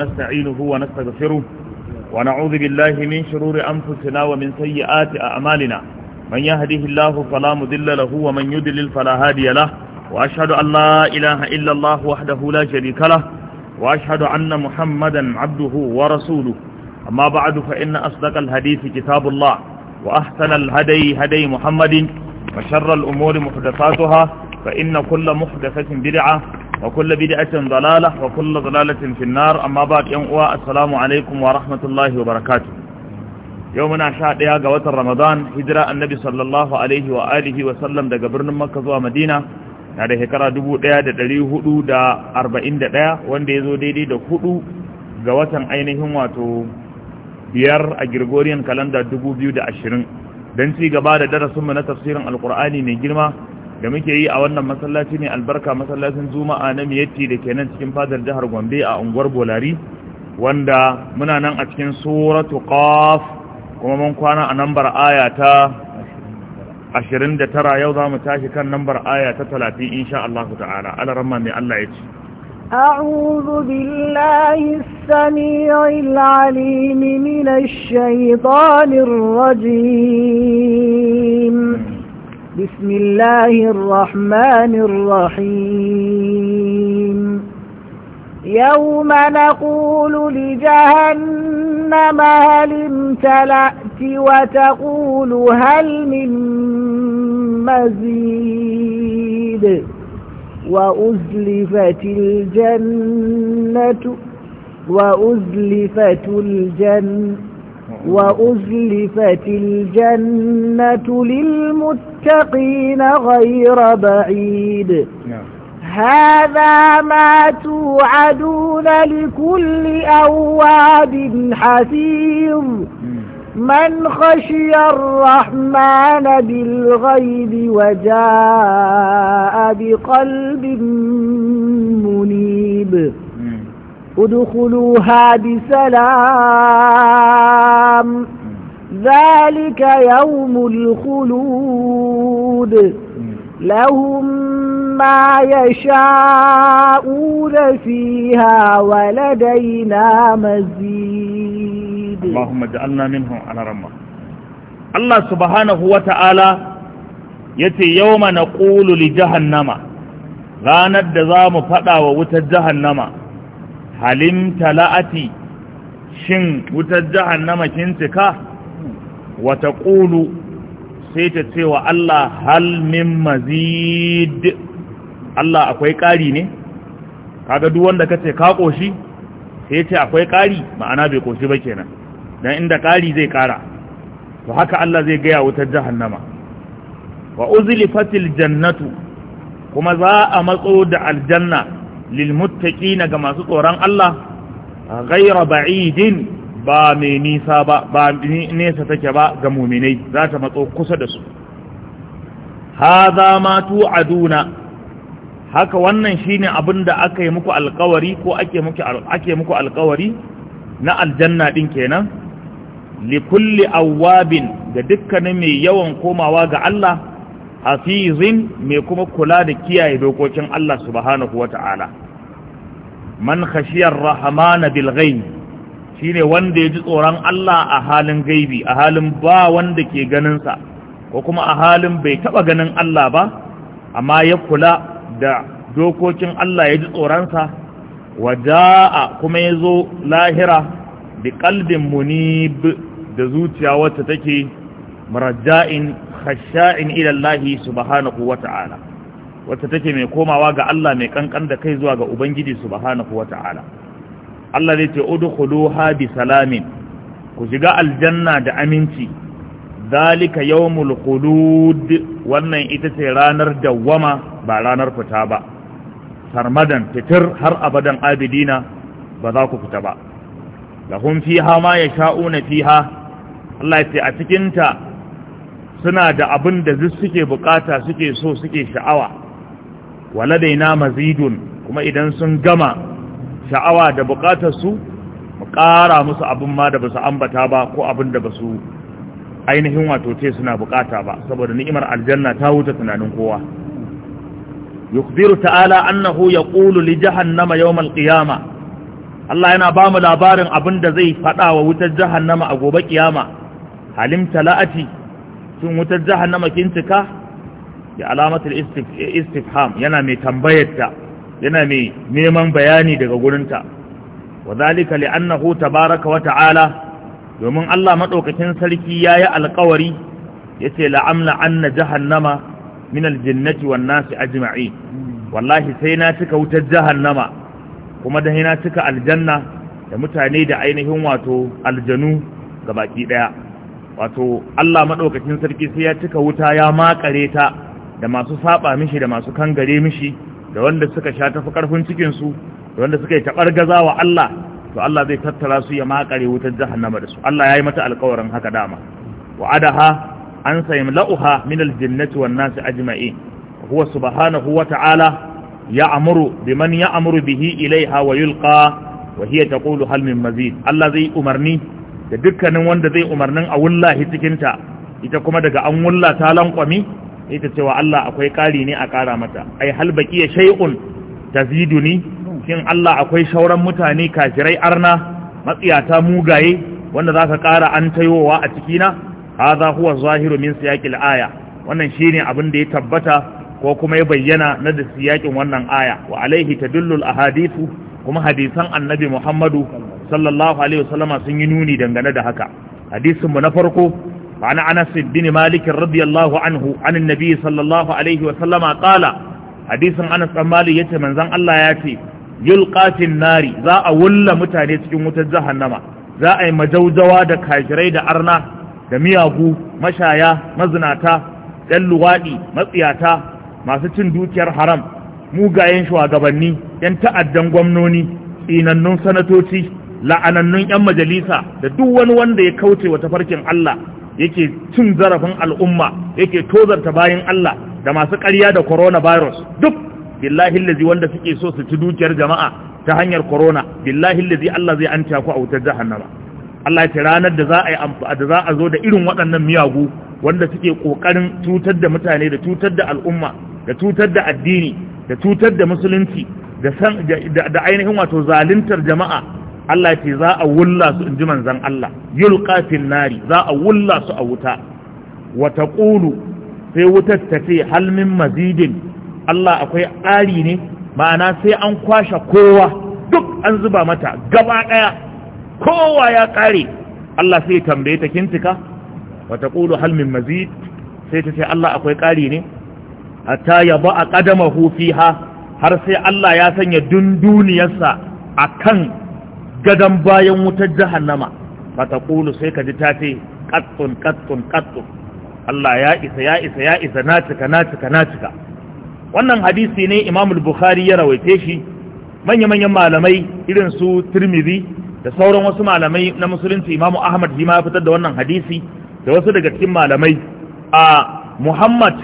نستعينه ونستغفره ونعوذ بالله من شرور أنفسنا ومن سيئات أعمالنا من يهده الله فلا مذل له ومن يدلل فلا هادي له وأشهد أن لا إله إلا الله وحده لا شريك له وأشهد أن محمدا عبده ورسوله أما بعد فإن أصدق الحديث كتاب الله وأحسن الهدي هدي محمد وشر الأمور محدثاتها فإن كل محدثة بدعة wa kulla bid'atin dalala wa kulla dalalatin amma ba 'yan uwa assalamu wa rahmatullahi wa barakatuh yau muna sha ɗaya ga watan ramadan hijira annabi sallallahu daga birnin makka madina na da shekara dubu ɗaya da ɗari hudu da arba'in da ɗaya wanda ya zo daidai da hudu ga watan ainihin wato biyar a gregorian kalandar dubu biyu da ashirin don ci gaba da darasinmu na tafsirin alkur'ani mai girma da muke yi a wannan masallaci ne albarka masallacin juma'a na miyatti da ke nan cikin fadar jihar gombe a unguwar bolari wanda muna nan a cikin suratu qaf kuma mun kwana a nambar aya ta 29 yau za mu tashi kan nambar aya ta 30 insha Allah ta'ala alaramma mai Allah ya ce أعوذ بالله السميع العليم من الشيطان الرجيم بسم الله الرحمن الرحيم يوم نقول لجهنم هل امتلأت وتقول هل من مزيد وأزلفت الجنة وأزلفت الجنة وأزلفت الجنة للمتقين غير بعيد نعم. هذا ما توعدون لكل أواب حفيظ من خشي الرحمن بالغيب وجاء بقلب منيب ادخلوها بسلام ذلك يوم الخلود لهم ما يشاءون فيها ولدينا مزيد اللهم اجعلنا منهم على رمى الله سبحانه وتعالى يتي يوم نقول لجهنم jahannama ranar da zamu جهنم Halin tala'ati shin wutar jahannama kin cika wata ƙulu sai ta ce wa Allah hal min mazid Allah akwai ƙari ne kaga duk wanda kace ka koshi sai ce akwai ƙari ma'ana bai ƙoshi ba kenan Don inda ƙari zai ƙara to haka Allah zai gaya wutar jahannama wa uzlifatil jannatu kuma za a matso da aljanna lilmuttaqina ga masu tsoron Allah ghayra ba'idin ba mai nisa ba ba nesa take ba ga mu'minai za ta matso kusa da su hadha ma tu'aduna haka wannan shine abin da aka yi muku ko ake muku ake muku alkawari na aljanna din kenan li kulli awabin ga dukkanin mai yawan komawa ga Allah hafizin mai kuma kula da kiyaye dokokin Allah subhanahu ta’ala man khashiyar rahmana bil ghaib shine wanda ya ji tsoron Allah a halin gaibi a halin ba wanda ke ganinsa, sa ko kuma a halin bai taba ganin Allah ba amma ya kula da dokokin Allah yaji tsoronsa? sa waja'a kuma ya zo lahira bi qalbin munib da zuciya wacce take maraja'in khasha'in ila Allah subhanahu wata'ala wacce take mai komawa ga Allah mai kankan da kai zuwa ga Ubangiji subhanahu wata'ala Allah zai ce udkhuluha bi salamin ku shiga aljanna da aminci zalika yawmul qulud wannan ita ce ranar dawwama ba ranar fita ba sarmadan fitir har abadan abidina ba za ku fita ba lahum fiha ma yasha'una fiha Allah ya ce a cikinta suna da abin da duk suke bukata suke so suke sha'awa waladaina mazidun kuma idan sun gama sha'awa da bukatar su mu ƙara musu abin ma da basu ambata ba ko abin da basu ainihin wato ce suna bukata ba saboda ni'imar aljanna ta wuce tunanin kowa yukbiru ta'ala annahu yaqulu li jahannama yawm al Allah yana ba mu labarin abin da zai fada wa wutar jahannama a gobe kiyama halim tala'ati shin wutar jahannama kin cika da alamatul istifham yana mai tambayarta yana mai neman bayani daga gurinta wa zalika li'annahu tabaraka wa ta'ala domin Allah madaukakin sarki yayi alƙawari yace la'amla anna jahannama min aljinnati wan nasi ajma'in wallahi sai na cika wutar jahannama kuma da na cika aljanna da mutane da ainihin wato aljanu gabaki daya wato Allah maɗaukacin sarki sai ya cika wuta ya makare ta da masu saba mishi da masu kangare mishi da wanda suka sha tafi ƙarfin cikinsu da wanda suka yi taɓar gaza wa Allah to Allah zai tattara su ya makare wutar jahannama da su Allah ya yi mata alƙawarin haka dama wa'adaha an sayim la'uha min aljinnati wan nasi ajma'in huwa subhanahu wa ta'ala ya'muru biman ya'muru bihi ilaiha wa yulqa wa hiya taqulu hal min mazid Allah zai umarni da dukkanin wanda zai umarnin a wullahi cikinta ita kuma daga an wulla ta lankwami ita cewa Allah akwai ƙari ne a ƙara mata ai hal ya shay'un taziduni shin Allah akwai shauran mutane kafirai arna matsiyata mugaye wanda zaka ƙara an tayowa a cikina hadha huwa zahiru min siyaqil aya wannan shine abin da ya tabbata ko kuma ya bayyana na da siyaqin wannan aya wa alaihi tadullu al ahadithu kuma hadisan annabi Muhammadu sallallahu alaihi wasallama sun yi nuni dangane da haka hadisinmu na farko ma'ana anas bin malik radiyallahu anhu an annabi sallallahu alaihi wasallama qala hadisin anas bin malik yace manzon Allah ya ce yulqa nari za a wulla mutane cikin wutar jahannama za a yi majaujawa da kajirai da arna da miyagu mashaya mazinata dan luwaɗi matsiyata masu cin dukiyar haram mugayen shugabanni yan ta'addan gwamnoni inannun sanatoci la'anannun 'yan majalisa da duk wani wanda ya kauce wa tafarkin Allah yake cin zarafin al'umma yake tozarta bayan Allah da masu ƙarya da coronavirus duk billahi lazi wanda suke so su ci dukiyar jama'a ta hanyar corona billahi lazi Allah zai an ku a wutar jahannama Allah ya ranar da za a yi da za a zo da irin waɗannan miyagu wanda suke ƙoƙarin cutar da mutane da cutar da al'umma da cutar da addini da cutar da musulunci da ainihin wato zaluntar jama'a Allah ce za a wulla su in ji manzan Allah yulqa nari za a wulla su a wuta wa taqulu sai wutar ta ce mazidin Allah akwai ƙari ne ma'ana sai an kwashe kowa duk an zuba mata gaba ɗaya kowa ya ƙare Allah sai tambaye ta kintika wa taqulu halmin mazid sai ta ce Allah akwai ƙari ne hatta ƙadama hufi ha, har sai Allah ya sanya dunduniyarsa a kan. gadan bayan wutar jahannama fataqulu sai ka ji ta ce katsun katsun katsun. Allah ya isa ya isa ya isa na cika na cika na cika wannan hadisi ne Imam al-Bukhari ya rawaite shi manya-manyan malamai irin su Tirmidhi da sauran wasu malamai na musulunci Imam Ahmad shi ma ya fitar da wannan hadisi da wasu daga cikin malamai a Muhammad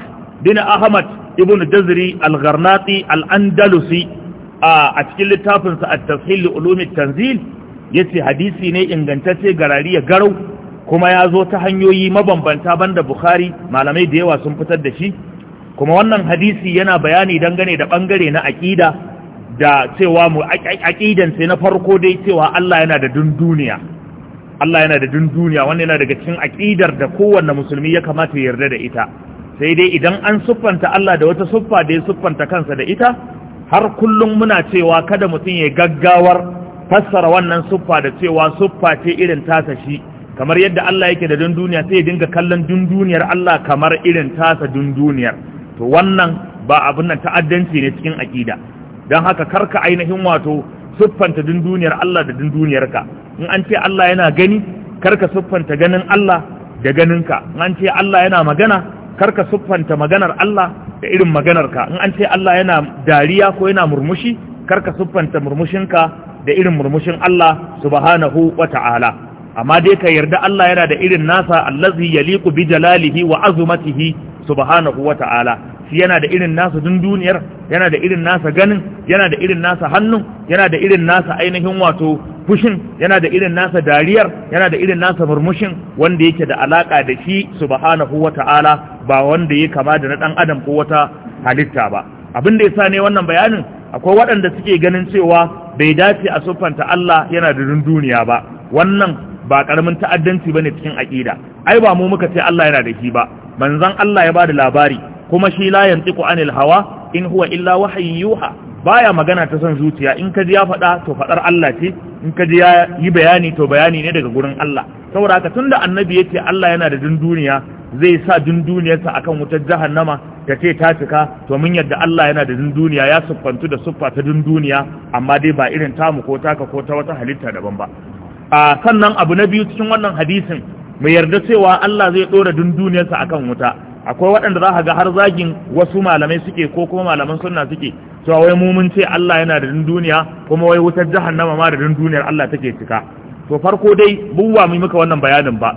bin Ahmad ibn Jazri al-Gharnati al-Andalusi a cikin littafinsa a tafhil ulumi tanzil ya ce hadisi ne ingantacce garari ya garau kuma ya zo ta hanyoyi mabambanta banda bukhari malamai da yawa sun fitar da shi kuma wannan hadisi yana bayani dangane da bangare na aƙida da cewa mu aqidan sai na farko dai cewa Allah yana da dunduniya Allah yana da dunduniya wannan yana daga cikin aƙidar da kowanne musulmi ya kamata ya yarda da ita sai dai idan an siffanta Allah da wata siffa da ya siffanta kansa da ita har kullum muna cewa kada mutum ya gaggawar fassara wannan suffa da cewa suffa ce irin tasa shi kamar yadda Allah yake da dunduniya sai ya dinga kallon dunduniyar Allah kamar irin tasa dunduniyar to wannan ba abin nan ta'addanci ne cikin akida don haka karka ainihin wato siffanta dunduniyar Allah da dunduniyarka in an ce Allah yana gani karka siffanta ganin Allah da ganinka in an ce Allah yana magana karka siffanta maganar Allah da irin maganarka in an ce Allah yana dariya ko yana murmushi karka siffanta murmushinka da irin murmushin Allah subhanahu wa ta'ala amma dai ka yarda Allah yana da irin nasa allazi yaliqu bi jalalihi wa azumatihi subhanahu wa ta'ala yana da irin nasa dunduniyar yana da irin nasa ganin yana da irin nasa hannun yana da irin nasa ainihin wato fushin yana da irin nasa dariyar yana da irin nasa murmushin wanda yake da alaka da shi subhanahu wata'ala ba wanda ya kama da na dan adam ko wata halitta ba abin da yasa ne wannan bayanin akwai waɗanda suke ganin cewa bai dace a sufanta Allah yana da dunduniya ba wannan ba karamin ta'addanci bane cikin aqida ai ba mu muka ce Allah yana da shi ba manzon Allah ya ba da labari kuma shi la yantiqu anil hawa in huwa illa wahyi yuha baya magana ta son zuciya in kaji ya faɗa to faɗar Allah ce in kaji ya yi bayani to bayani ne daga gurin Allah saboda haka tunda annabi yace Allah yana da dunduniya zai sa dunduniyarsa akan wutar jahannama ta ce ta cika to mun yadda Allah yana da dunduniya ya siffantu da siffa ta dunduniya amma dai ba irin tamu ko taka ko ta wata halitta daban ba a sannan abu na biyu cikin wannan hadisin mai yarda cewa Allah zai dora dunduniyarsa akan wuta akwai waɗanda za ka ga har zagin wasu malamai suke ko kuma malaman sunna suke cewa wai mu mun ce Allah yana da duniya kuma wai wutar jahannama ma da duniyar Allah take cika to farko dai buwa mu muka wannan bayanin ba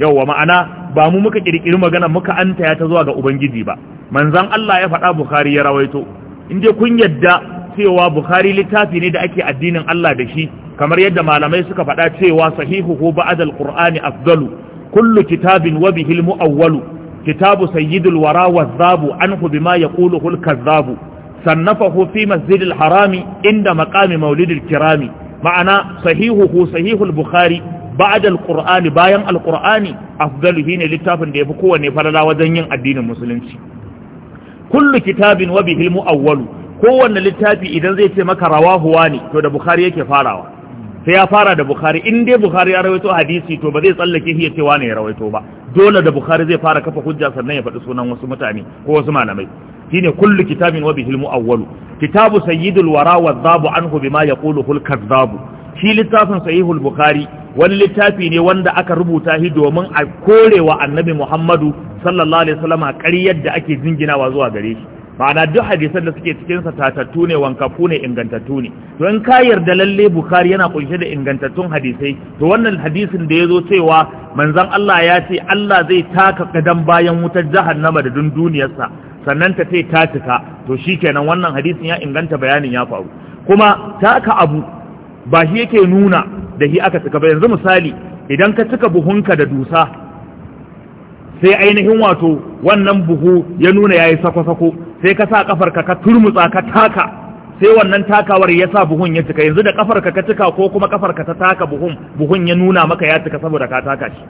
wa ma'ana ba mu muka kirkiri magana muka anta ya ta zuwa ga ubangiji ba manzon Allah ya faɗa Bukhari ya rawaito in dai kun yadda cewa Bukhari littafi ne da ake addinin Allah da shi kamar yadda malamai suka faɗa cewa sahihu ko ba'dal Kur'ani qurani afdalu kullu kitabin wa bihil muawwalu kitabu sayyidul wara wazzabu anhu bima yaquluhu al-kazzabu sannafahu fi masjidil harami inda maqami maulidil kirami ma'ana sahihuhu sahihul bukhari ba'da al-qur'ani bayan Alƙur'ani, qurani afdaluhu ne littafin da yafi kowanne falala wajen yin addinin musulunci kullu kitabin Wabi bihi al-mu'awwalu kowanne littafi idan zai ce maka rawahu wani to da bukhari yake farawa sai ya fara da bukhari in dai bukhari ya rawaito hadisi to ba zai tsallake shi ya ce wani ya rawaito ba dole da bukhari zai fara kafa hujja sannan ya faɗi sunan wasu mutane ko wasu malamai shine kullu kitabin wa bihil muawwalu kitabu sayyidul wara wa dhabu anhu bima yaqulu hul kadhabu shi littafin sahihul bukhari wani littafi ne wanda aka rubuta shi domin a korewa annabi muhammadu sallallahu alaihi wasallam ƙaryar da ake jinginawa zuwa gare shi ma'ana duk hadisan da suke cikin sa tatattu ne wankafu ne ingantattu ne to in ka yarda lalle bukhari yana kunshe da ingantattun hadisai to wannan hadisin da yazo cewa manzon Allah ya ce Allah zai taka kadan bayan wutar jahannama da sa sannan ta sai ta cika to shikenan wannan hadisin ya inganta bayanin ya faru kuma taka abu ba shi yake nuna da shi aka cika ba yanzu misali idan ka cika buhunka da dusa sai ainihin wato wannan buhu ya nuna yayi sako-sako sai ka sa kafarka ka turmutsa ka taka sai wannan takawar ya sa buhun ya cika yanzu da kafarka ka cika ko kuma kafarka ta taka buhun buhun ya nuna maka ya cika saboda ka taka shi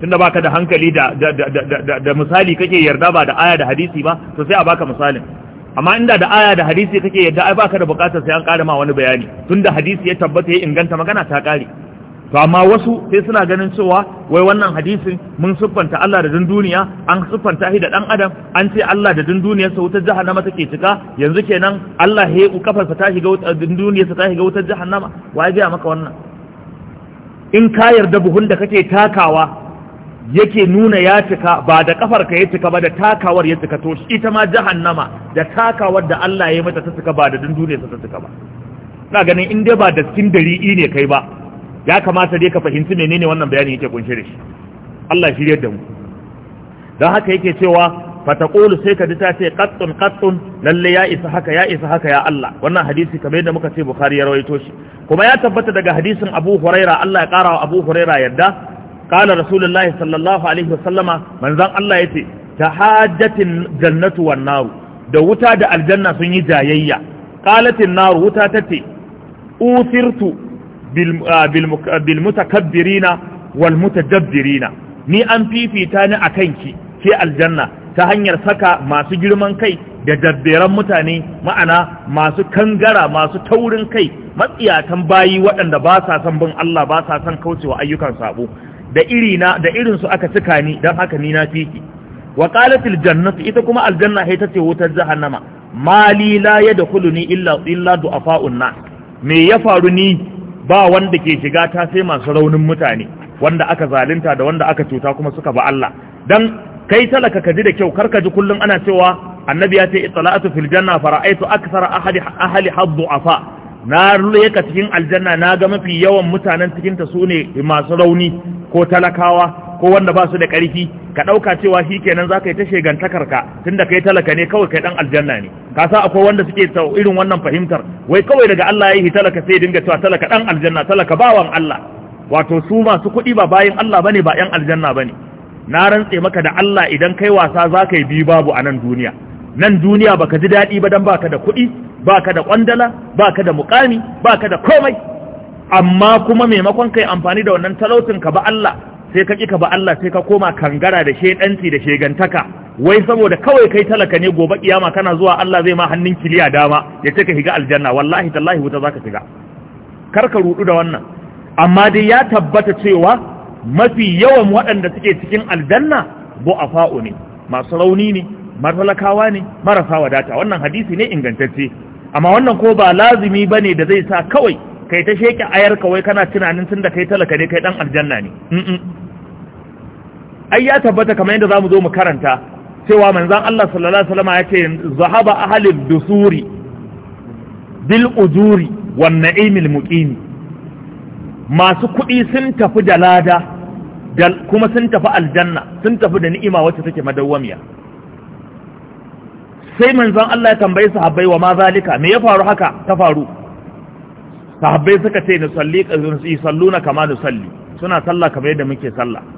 tunda baka da hankali da da da da da misali kake yarda ba da aya da hadisi ba to sai a baka misalin amma inda da aya da hadisi kake yarda ai baka da bukatar sai an kara ma wani bayani tunda hadisi ya tabbata ya inganta magana ta kare to amma wasu sai suna ganin cewa wai wannan hadisin mun siffanta Allah da dunduniya an siffanta shi da dan adam an ce Allah da duniya sa wutar jahannama take cika yanzu kenan Allah ya kafar sa ta shiga wutar duniya sa ta shiga wutar jahannama wai ga maka wannan in ka yarda buhun da kake takawa yake nuna ya cika ba da kafar ka ya cika ba da takawar ya cika to ita ma jahannama da takawar da Allah ya mata ta cika ba da dunduniyar sa ta cika ba ina ganin in dai ba da dari'i ne kai ba ya kamata dai ka fahimci menene wannan bayanin yake kunshe da shi Allah shi da mu don haka yake cewa fataqulu sai ka ji ta ce qattun qattun lalle ya isa haka ya isa haka ya Allah wannan hadisi kamar yadda muka ce Bukhari ya rawaito shi kuma ya tabbata daga hadisin Abu Huraira Allah ya karawa Abu Huraira yadda qala Rasulullahi sallallahu alaihi wasallama manzon Allah yace tahajjatin jannatu wan naru da wuta da aljanna sun yi jayayya qalatin naru wuta tace usirtu Ah, ah, bil mutakabbirina wal mutadabbirina ni an fifita ni a kanki ke aljanna ta hanyar saka masu girman kai da dabberan mutane ma'ana masu kangara masu taurin kai matsiyatan bayi waɗanda ba sa son bin Allah ba sa son kaucewa ayyukan sabo da irina da irin su aka cika ni don haka ni na fiki wa qalatil jannatu ita kuma aljanna ita tace wutar jahannama mali la yadkhuluni illa illa du'afa'un nas me ya faru ni ba wanda ke shiga ta sai masu raunin mutane wanda aka zalunta da wanda aka cuta kuma suka ba Allah dan kai talaka kaji da kyau karka ji kullun ana cewa annabi ya ce ittala'atu fil janna fara'aitu akthara ahli ahli haddu afa na rulayka cikin aljanna na ga mafi yawan mutanen cikin ta sune masu rauni ko talakawa ko wanda ba su da ƙarfi ka ɗauka cewa shi kenan za ka yi ta shegantakar ka tunda kai talaka ne kawai kai ɗan aljanna ne ka sa akwai wanda suke ta irin wannan fahimtar wai kawai daga Allah ya yi talaka sai dinga cewa talaka ɗan aljanna talaka bawan Allah wato su masu kuɗi ba bayan Allah bane ba ƴan aljanna ba ne. na rantse maka da Allah idan kai wasa za ka yi bi babu a nan duniya nan duniya baka ji daɗi ba dan baka da kuɗi baka da kwandala baka da mukami baka da komai amma kuma maimakon kai amfani da wannan talautin ka ba Allah sai ka ƙi ka ba Allah sai ka koma kangara da shedanci da shegantaka wai saboda kawai kai talaka ne gobe kiyama kana zuwa Allah zai ma hannun kiliya dama ya ce ka shiga aljanna wallahi tallahi wuta zaka shiga kar ka rudu da wannan amma dai ya tabbata cewa mafi yawan waɗanda suke cikin aljanna bu'afa'u ne masu rauni ne matalakawa ne marasa wadata wannan hadisi ne ingantacce amma wannan ko ba lazimi bane da zai sa kawai kai ta sheke ayar kawai kana tunanin tunda kai talaka ne kai dan aljanna ne ai ya tabbata kamar yadda zamu zo mu karanta cewa manzon Allah sallallahu alaihi wasallam ya ce zahaba ahalin dusuri bil ujuri wan na'imil muqim masu kuɗi sun tafi da lada kuma sun tafi aljanna sun tafi da ni'ima wacce take madawwamiya sai manzon Allah ya tambaye sahabbai wa ma zalika me ya faru haka ta faru sahabbai suka ce ni salli na kama salli suna sallah kamar yadda muke sallah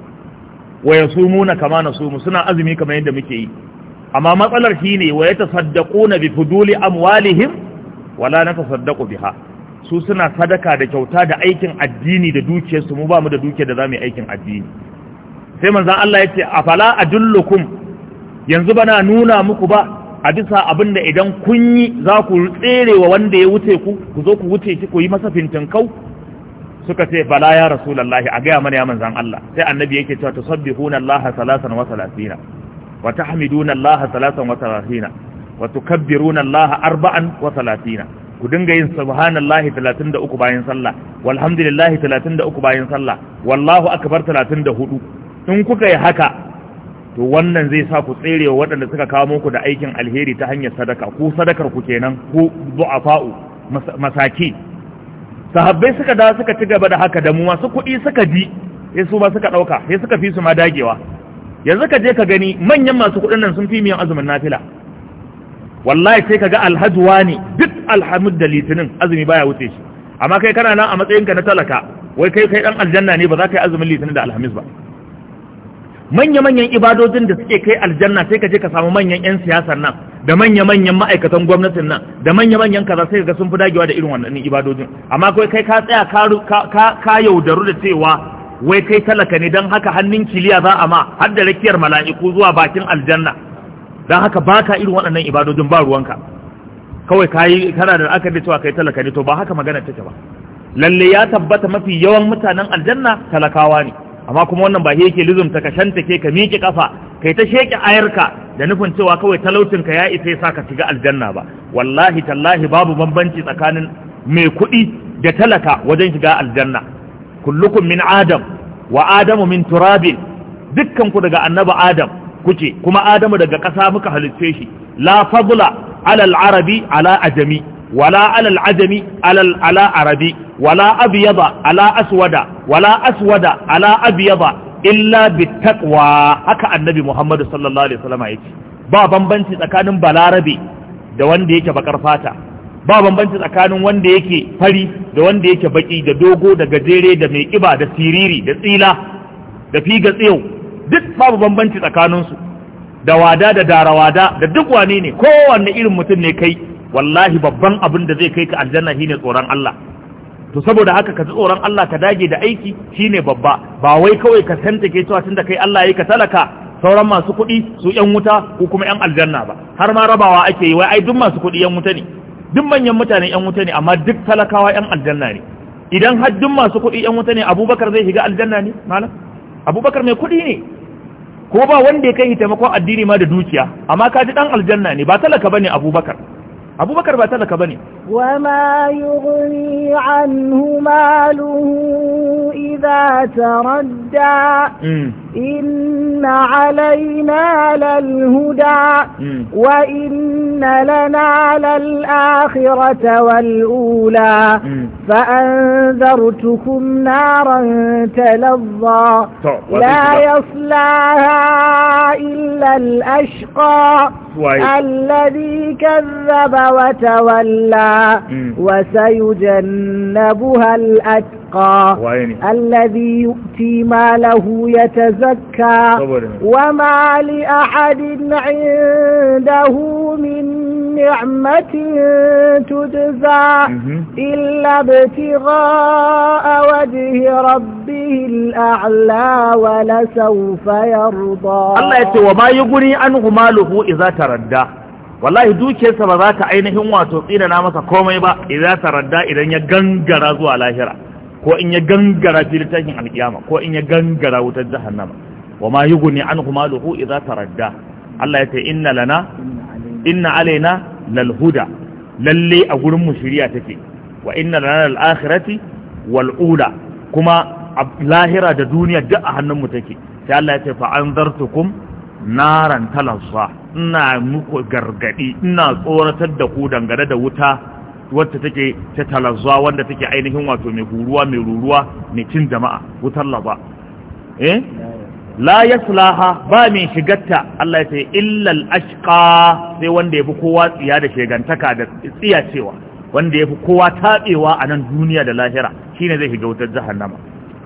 wa yasumuna kama nasumu suna azumi kamar yadda muke yi amma matsalar shine wa yatasaddaquna bi fuduli amwalihim wala natasaddaqu biha su suna sadaka da kyauta da aikin addini da dukiyarsu mu ba mu da dukiyar da zamu yi aikin addini sai manzon Allah ya ce a yace afala adullukum yanzu bana nuna muku ba a bisa abin da idan kun yi za ku tserewa wanda ya wuce ku ku zo ku wuce ki, ku yi masa fintinkau suka ce bala ya rasulullahi a gaya mana ya manzan Allah sai annabi yake cewa tusabbihuna Allah salasan wa salasina wa tahmiduna Allah salasan wa salasina wa tukabbiruna Allah arba'an wa salasina ku dinga yin subhanallahi 33 bayan sallah walhamdulillahi 33 bayan sallah wallahu akbar 34 in kuka yi haka to wannan zai sa ku tserewa waɗanda suka kawo muku da aikin alheri ta hanyar sadaka ku sadakar ku kenan ku du'afa'u masaki sahabbai suka da suka ci gaba da haka da mu masu kuɗi suka ji sai su ba suka ɗauka sai suka fi su ma dagewa yanzu ka je ka gani manyan masu kuɗin nan sun fi miyan azumin nafila wallahi sai ka ga alhajuwa ne duk alhamud da litinin azumi baya wuce shi amma kai kana nan a matsayinka na talaka wai kai kai dan aljanna ne ba za ka yi azumin litinin da alhamis ba manya-manyan ibadojin da suke kai aljanna sai ka je ka samu manyan 'yan siyasar nan da manya-manyan ma'aikatan gwamnatin nan da manya-manyan kaza sai ga sun fi dagewa da irin wannan ibadojin amma kai kai ka tsaya ka yaudaru da cewa wai kai talaka ne don haka hannun kiliya za a ma har da rakiyar mala'iku zuwa bakin aljanna don haka baka irin waɗannan ibadojin ba ruwanka kawai yi kana da aka da cewa kai talaka ne to ba haka magana take ba lalle ya tabbata mafi yawan mutanen aljanna talakawa ne amma kuma wannan ba yake lizumta ka shanta ke ka miƙe kafa kai ta sheke ayarka da nufin cewa kawai talaucin ka ya isa sa ka shiga aljanna ba wallahi tallahi babu bambanci tsakanin mai kuɗi da talaka wajen shiga aljanna kullukum min adam wa adamu min turabin dukkan ku daga annabi adam kuke kuma adamu daga ƙasa muka halicce shi la fadla ala al-arabi ala ajami wala alal ajami alal ala arabi wala abiyaba, ala aswada wala aswada ala abiyaba, illa bittaqwa haka annabi Muhammad sallallahu alaihi wasallam yake ba bambanci tsakanin balarabe da wanda yake bakar fata ba bambanci tsakanin wanda yake fari da wanda yake baki da dogo da gajere da mai kiba da siriri da tsila da figa tsayo duk babu bambanci tsakaninsu da wada da darawada da duk wane ne kowanne irin mutum ne kai wallahi babban abin da zai kai ka aljanna shine tsoron Allah to saboda haka ka tsoron Allah ka dage da aiki shine babba ba wai kawai ka santa ke cewa tunda kai Allah yayi ka talaka sauran masu kuɗi su yan wuta ko kuma yan aljanna ba har ma rabawa ake yi wai ai duk masu kuɗi yan wuta ne duk manyan mutane yan wuta ne amma duk talakawa yan aljanna ne idan har duk masu kuɗi yan wuta ne Abubakar zai shiga aljanna ne malam Abubakar mai kuɗi ne ko ba wanda ya kai taimakon addini ma da dukiya amma ka ji dan aljanna ne ba talaka bane Abubakar abubakar ba talaka ba ne وما يغني عنه ماله إذا تردى إن علينا للهدى وإن لنا للآخرة والأولى فأنذرتكم نارا تلظى لا يصلاها إلا الأشقى الذي كذب وتولى وسيجنبها الأتقى الذي يؤتي ماله يتزكى وما لأحد عنده من نعمة تجزى إلا ابتغاء وجه ربه الأعلى ولسوف يرضى الله يتوى ما يقني أنه ماله إذا تردى wallahi dukiyarsa ba za ta ainihin wato na masa komai ba idan ta radda idan ya gangara zuwa lahira ko in ya gangara filitahin alkiyama ko in ya gangara wutar jahannama wa ma an kuma luhu? idan ta radda Allah ya ce inna lana inna alaina lal huda lalle a gurin mu shiriya take wa inna lana lal akhirati wal ula kuma lahira da duniya duk a hannun mu take sai Allah ya ce fa anzartukum naran talazza ina muku gargadi ina tsoratar da ku dangane da wuta wadda take ta talazza wanda take ainihin wato mai huruwa mai ruruwa mai cin jama'a wutar laba eh la yaslaha ba mai shigarta Allah ya ce illa al-ashqa sai wanda yafi kowa tsiya da shegantaka da tsiya cewa wanda yafi kowa tabewa a nan duniya da lahira shine zai shiga wutar jahannama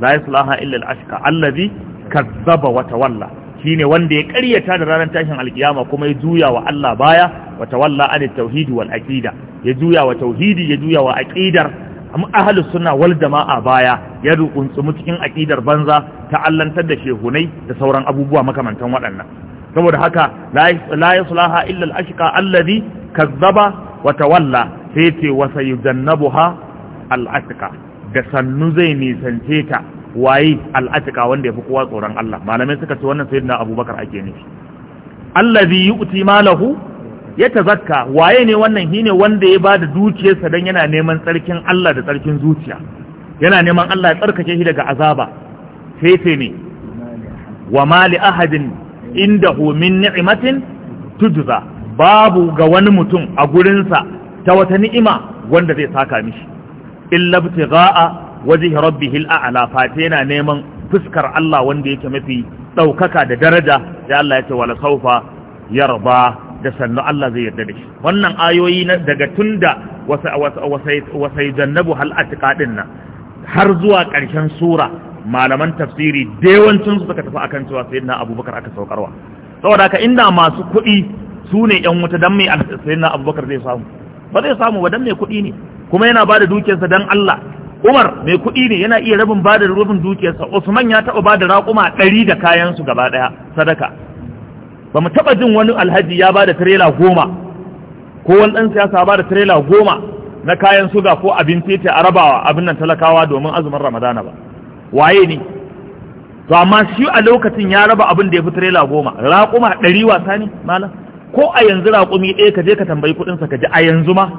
la yaslaha illa al-ashqa allazi kazzaba wa tawalla shine wanda ya ƙaryata da ranar tashin alkiyama kuma ya juya wa Allah baya wa tawalla an tauhid wal aqida ya juya wa tauhidi ya juya wa aqidar amma ahlus sunna wal jama'a baya ya rukunsumu cikin aqidar banza ta allantar da shehunai da sauran abubuwa makamantan waɗannan saboda haka la yaslaha illa al ashqa alladhi kazzaba wa tawalla sai ce wa sayujannabuha al ashqa da sannu zai nisance ta waye al'atika wanda ya fi kowa tsoron Allah malamai suka ce wannan sayyidina abubakar ake nufi allazi yu'ti malahu ya tazakka waye ne wannan hine wanda ya bada dukiyarsa dan yana neman tsarkin Allah da tsarkin zuciya yana neman Allah ya tsarkake shi daga azaba sai ne wa mali ahadin indahu min ni'matin tujza babu ga wani mutum a gurinsa ta wata ni'ima wanda zai saka mishi illa ibtigha'a wajhi rabbihil a'la fate yana neman fuskar Allah wanda yake mafi ɗaukaka da daraja sai Allah ya ce saufa yarba da sannu Allah zai yarda da shi wannan ayoyi na daga tunda wasai jannabu hal atqa nan har zuwa ƙarshen sura malaman tafsiri dewancin su suka tafi akan cewa sayyidina abubakar aka saukarwa saboda haka inda masu kuɗi su ne ƴan wuta dan mai sayyidina abubakar zai samu ba zai samu ba dan mai kuɗi ne kuma yana ba da dukiyarsa dan Allah Umar mai kuɗi ne yana iya rabin ba da rubin dukiyarsa Usman ya taɓa bada raƙuma ɗari da kayansu gaba ɗaya sadaka ba mu taɓa jin wani alhaji ya ba da tirela goma ko wani ɗan siyasa ba da tirela goma na kayan suga ko abinci a rabawa abin nan talakawa domin azumin ramadana ba waye ne to amma shi a lokacin ya raba abin da ya fi tirela goma raƙuma ɗari wasa ne malam ko a yanzu raƙumi ɗaya ka je ka tambayi kuɗinsa ka ji a yanzu ma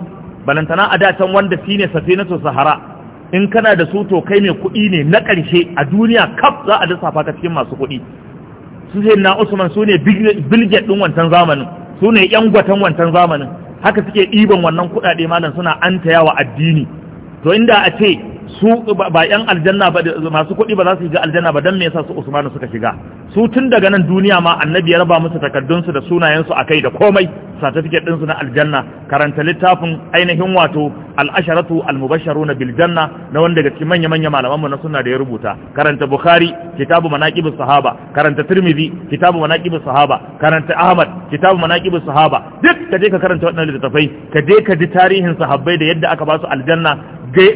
balantana a da can wanda shine safinatu sahara in kana da su to kai mai kuɗi ne na ƙarshe a duniya kaf za a lissafa ka cikin masu kuɗi su sai na usman su ne bilget ɗin wancan zamanin su ne yan gwatan wancan zamanin haka suke ɗiban wannan kuɗaɗe malam suna an wa addini to inda a ce su ba yan aljanna ba masu kuɗi ba za su shiga aljanna ba don me yasa su Usman suka shiga su tun daga nan duniya ma annabi ya raba musu takardunsu da sunayensu a kai da komai certificate ɗinsu na aljanna karanta littafin ainihin wato al'asharatu al-mubasharu na biljanna na wanda daga cikin manya-manya malamanmu na suna da ya rubuta karanta bukhari kitabu manaqibus sahaba karanta tirmidhi kitabu manaqibus sahaba karanta ahmad kitabu manaqibus sahaba duk ka je ka karanta waɗannan littattafai ka je ka ji tarihin sahabbai da yadda aka ba su aljanna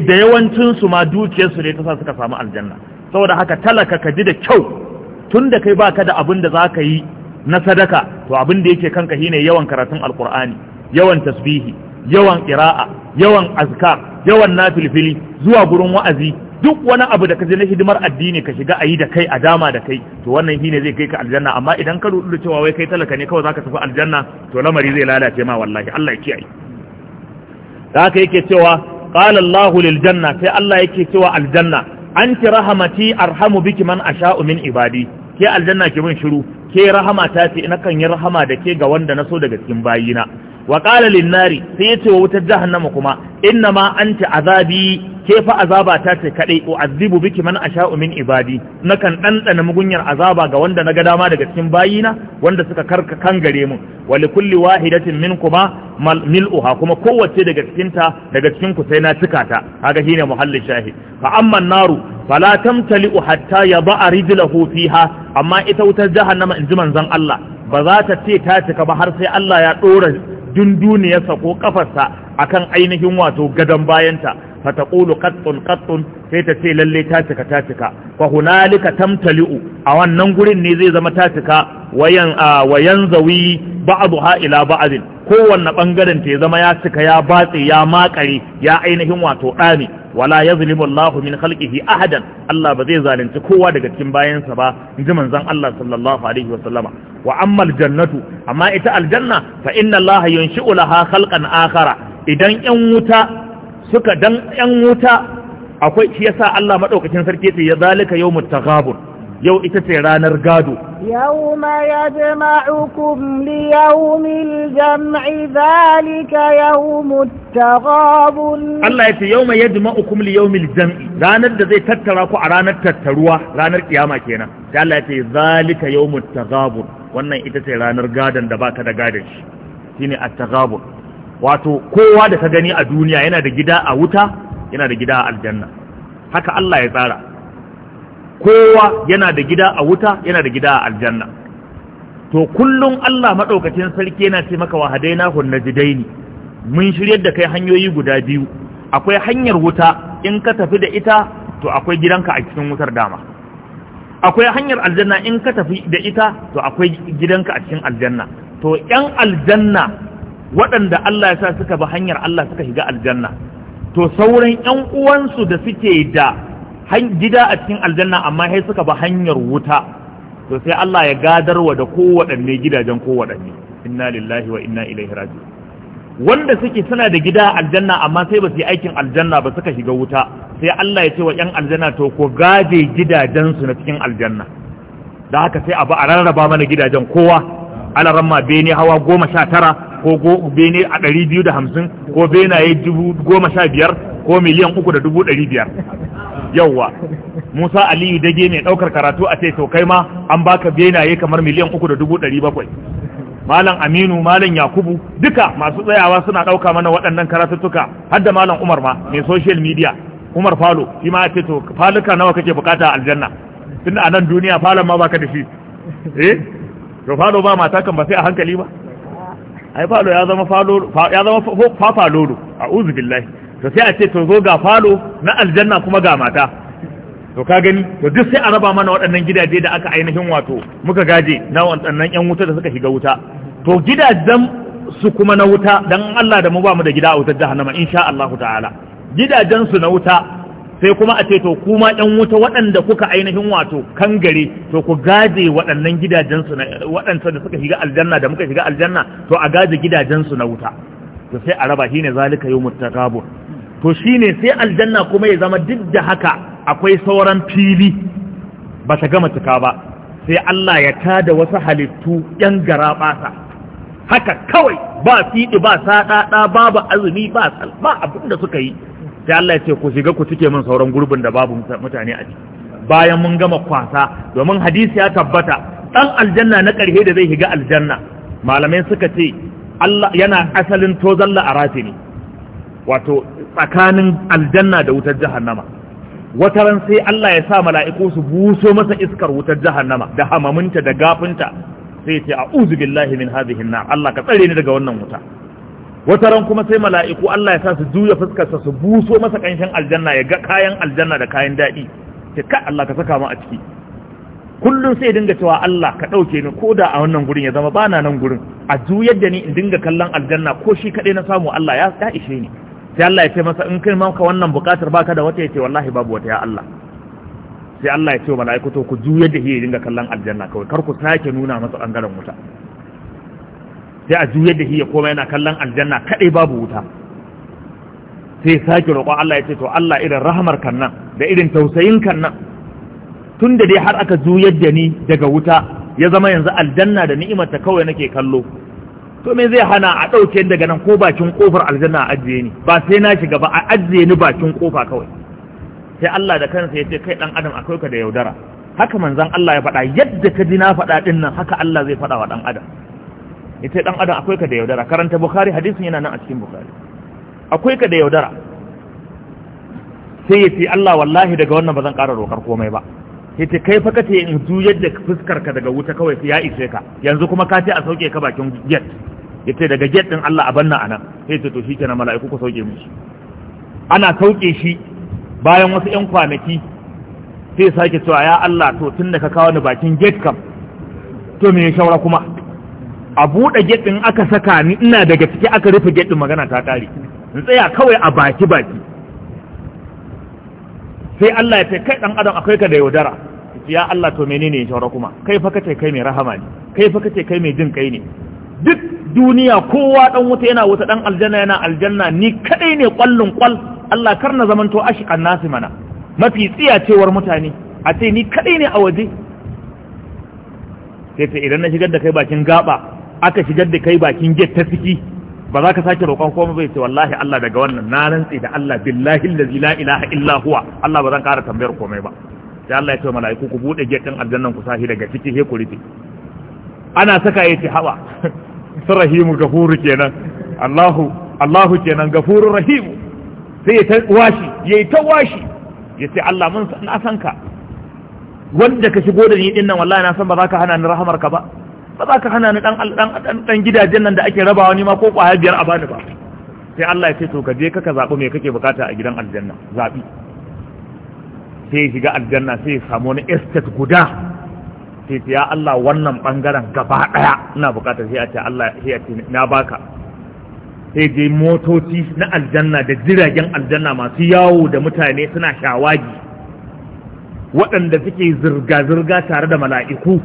da yawancin su ma dukiyarsu ne ta sa suka samu aljanna saboda haka talaka ka ji da kyau tun da kai baka da abin da za ka yi na sadaka to abin da yake kanka shine yawan karatun alkur'ani yawan tasbihi yawan ƙira'a, yawan azkar yawan nafilfili zuwa gurin wa'azi duk wani abu da ka je na hidimar addini ka shiga ayi da kai a dama da kai to wannan shine zai kai ka aljanna amma idan ka rudu cewa wai kai talaka ne kawai zaka tafi aljanna to lamari zai lalace ma wallahi Allah ya kiyaye da haka yake cewa qala Allahu lil sai Allah yake cewa aljanna anti rahamati arhamu biki man asha'u min ibadi ke aljanna ki bin shiru ke rahama ta ce ina kan yi rahama da ke ga wanda na so daga cikin bayina wa Linnari lin nari sai yace wa wutar jahannama kuma inna ma anta azabi ke fa azaba ta ce kadai u'azzibu biki man a sha'umin ibadi nakan ɗanɗana mugunyar azaba ga wanda na ga dama daga cikin bayina wanda suka karka gare mu wa kulli wahidatin minkuma mil'uha kuma kowace daga cikin ta daga cikin ku sai na cika ta kaga shine muhallin shahid fa amma naru fala tamtali'u hatta yada'a rijlahu fiha amma ita wutar jahannama in ji manzon Allah ba za ta ce ta cika ba har sai Allah ya dora dunduniyarsa ko kafarsa akan ainihin wato gadon bayanta fataqulu qattun qattun sai ta ce lalle ta cika ta cika fa hunalika tamtali'u a wannan gurin ne zai zama ta cika wayan wayan zawi ba'dha ila ba'din kowanne bangaren ta zama ya cika ya batse ya makare ya ainihin wato dani wala yazlimu Allahu min khalqihi ahadan Allah ba zai zalunci kowa daga cikin bayansa ba inji manzon Allah sallallahu alaihi wa sallama wa amma aljannatu amma ita aljanna fa inna Allah yunshi'u laha khalqan akhara idan yan wuta suka dan yan wuta akwai shi yasa Allah madaukakin sarki ce ya zalika yawmut taghabun yau ita ce ranar gado يوم يجمعكم ليوم الجمع ذلك يوم التغاب الله يتي يوم يجمعكم ليوم الجمع رانر da zai tattara ku a ranar tattaruwa ranar kiyama kenan sai Allah yace zalika yawmut taghabun wannan ita ce ranar gadan da baka da gadan shi shine at-taghabun wato kowa da ka gani a duniya yana da gida a wuta yana da gida a aljanna haka Allah ya tsara kowa yana da gida a wuta yana da gida a aljanna to kullum Allah maɗaukacin sarki yana ce maka wa hadaina hun najdaini mun shiryar da kai hanyoyi guda biyu akwai hanyar wuta in ka tafi da ita to akwai gidanka a cikin wutar dama akwai hanyar aljanna in ka tafi da ita to akwai gidanka a cikin aljanna to yan aljanna waɗanda Allah ya sa suka bi hanyar Allah suka shiga aljanna to sauran yan uwansu da suke da gida a cikin aljanna amma sai suka ba hanyar wuta to sai Allah ya gadarwa da kowaɗanne gidajen kowaɗanne inna lillahi wa inna ilaihi raji wanda suke suna da gida a aljanna amma sai ba su yi aikin aljanna ba suka shiga wuta sai Allah ya ce wa ƴan aljanna to ko gaje gidajensu na cikin aljanna da haka sai abu a rarraba mana gidajen kowa alaramma bene hawa goma sha tara ko bene a ɗari biyu da hamsin ko benaye dubu goma sha biyar ko miliyan uku da dubu ɗari biyar yawwa musa aliyu dage mai daukar karatu a ce to kai ma an baka benaye kamar miliyan uku da dubu ɗari bakwai malam aminu malam yakubu duka masu tsayawa suna ɗauka mana waɗannan karatuttuka har da malam umar ma mai social media umar falo shi ma ce to faluka nawa kake bukata aljanna tunda a nan duniya falon ma baka da shi eh to falo ba mata kan ba sai a hankali ba ai falo ya zama falo ya zama fa falo a'udhu billahi to sai a ce to zo ga falo na aljanna kuma ga mata to ka gani to duk sai a raba mana waɗannan gidaje da aka ainihin wato muka gaje na waɗannan yan wuta da suka shiga wuta to gidajen su kuma na wuta dan Allah da mu ba mu da gida a wutar jahannama insha Allah ta'ala gidajen su na wuta sai kuma a ce to kuma yan wuta waɗanda kuka ainihin wato kangare to ku gaje waɗannan gidajen su waɗanda da suka shiga aljanna da muka shiga aljanna to a gaje gidajen su na wuta to sai a raba shine zalika yawmut taqabur to shi ne sai aljanna kuma ya zama duk da haka akwai sauran fili ba ta gama cika ba sai Allah ya ta da wasu halittu yan garaɓasa haka kawai ba fiɗi ba saɗaɗa babu azumi ba salma abin suka yi sai Allah ya ce ku shiga ku cike min sauran gurbin da babu mutane a ciki bayan mun gama kwasa domin hadisi ya tabbata ɗan aljanna na ƙarshe da zai shiga aljanna malamai suka ce Allah yana asalin tozalla a rafi wato tsakanin aljanna da wutar jahannama wata ran sai Allah ya sa mala'iku su buso masa iskar wutar jahannama da hamaminta da gafinta sai ce a'udhu billahi min hadhihi an Allah ka tsare ni daga wannan wuta wata ran kuma sai mala'iku Allah ya sa su juya fuskarsa su buso masa kanshin aljanna ya ga kayan aljanna da kayan dadi ce ka Allah ka saka mu a ciki kullum sai dinga cewa Allah ka ɗauke ni ko da a wannan gurin ya zama bana nan gurin a juyar da ni in dinga kallon aljanna ko shi kaɗai na samu Allah ya ishe ni sai Allah ya ce masa in kai maka wannan bukatar baka da wata ya ce wallahi babu wata ya Allah sai Allah ya ce wa mala'iku to ku juye da hiya dinga kallon aljanna kawai kar ku sake nuna masa bangaren wuta sai a juye da hiya kuma yana kallon aljanna kadai babu wuta sai sake roƙo Allah ya ce to Allah irin rahamar kan nan da irin tausayin kan nan tun da dai har aka juyar da ni daga wuta ya zama yanzu aljanna da ni'imar ta kawai nake kallo to me zai hana a ɗauke daga nan ko bakin kofar aljanna a ajiye ni ba sai na shiga ba a ajiye ni bakin kofa kawai sai Allah da kansa ya ce kai dan adam akwai ka da yaudara haka manzon Allah ya faɗa yadda ka ji na faɗa din nan haka Allah zai faɗa wa dan adam ya ce dan adam akwai ka da yaudara karanta bukhari hadisin yana nan a cikin bukhari akwai ka da yaudara sai ya ce Allah wallahi daga wannan ba zan ƙara rokar komai ba yace kai fa kace in juyar da fuskar ka daga wuta kawai ya ishe ka yanzu kuma ka ce a sauke ka bakin jet ya ce daga gate din Allah a banna nan sai ce to shi kenan mala'iku ku sauke mishi ana sauke shi bayan wasu ƴan kwanaki sai sake cewa ya Allah to tun da ka kawo ni bakin gate kam to me ya shaura kuma a buɗe gate din aka saka ni ina daga ciki aka rufe gate din magana ta tare in tsaya kawai a baki baki sai Allah ya ce kai dan adam akwai ka da yaudara ya Allah to menene ya shaura kuma kai fa kace kai mai rahama ne kai fa kace kai mai jin kai ne duk duniya kowa dan wuta yana wuta dan aljanna yana aljanna ni kadai ne kwallon kwal Allah kar na zamanto ashiqan nasi mana mafi cewar mutane a ce ni kadai ne a waje sai ta idan na shigar da kai bakin gaba aka shigar da kai bakin get ta ciki ba za ka sake roƙon komai bai ce wallahi Allah daga wannan na rantsi da Allah billahi allazi la ilaha illa huwa Allah ba zan ƙara tambayar komai ba sai Allah ya ce mala'iku ku bude get din aljannan ku sahi daga ciki he ku rufe ana saka yace haba su rahimu gafuru kenan Allahu Allahu kenan gafuru rahimu sai ta washi yayi ta washi ya ce Allah mun na san ka wanda ka shigo da ni din nan wallahi na san ba za ka hana ni rahamar ka ba ba za ka hana ni dan dan dan gidajen nan da ake rabawa ni ma ko kwaya biyar a bani ba sai Allah ya ce to ka je ka zabi me kake bukata a gidan aljanna zabi sai ya shiga aljanna sai ya samu wani estate guda titi ya Allah wannan bangaren gaba daya ina bukatar sai a ce Allah sai ce na baka sai dai motoci na aljanna da jiragen aljanna masu yawo da mutane suna shawagi waɗanda suke zirga-zirga tare da mala'iku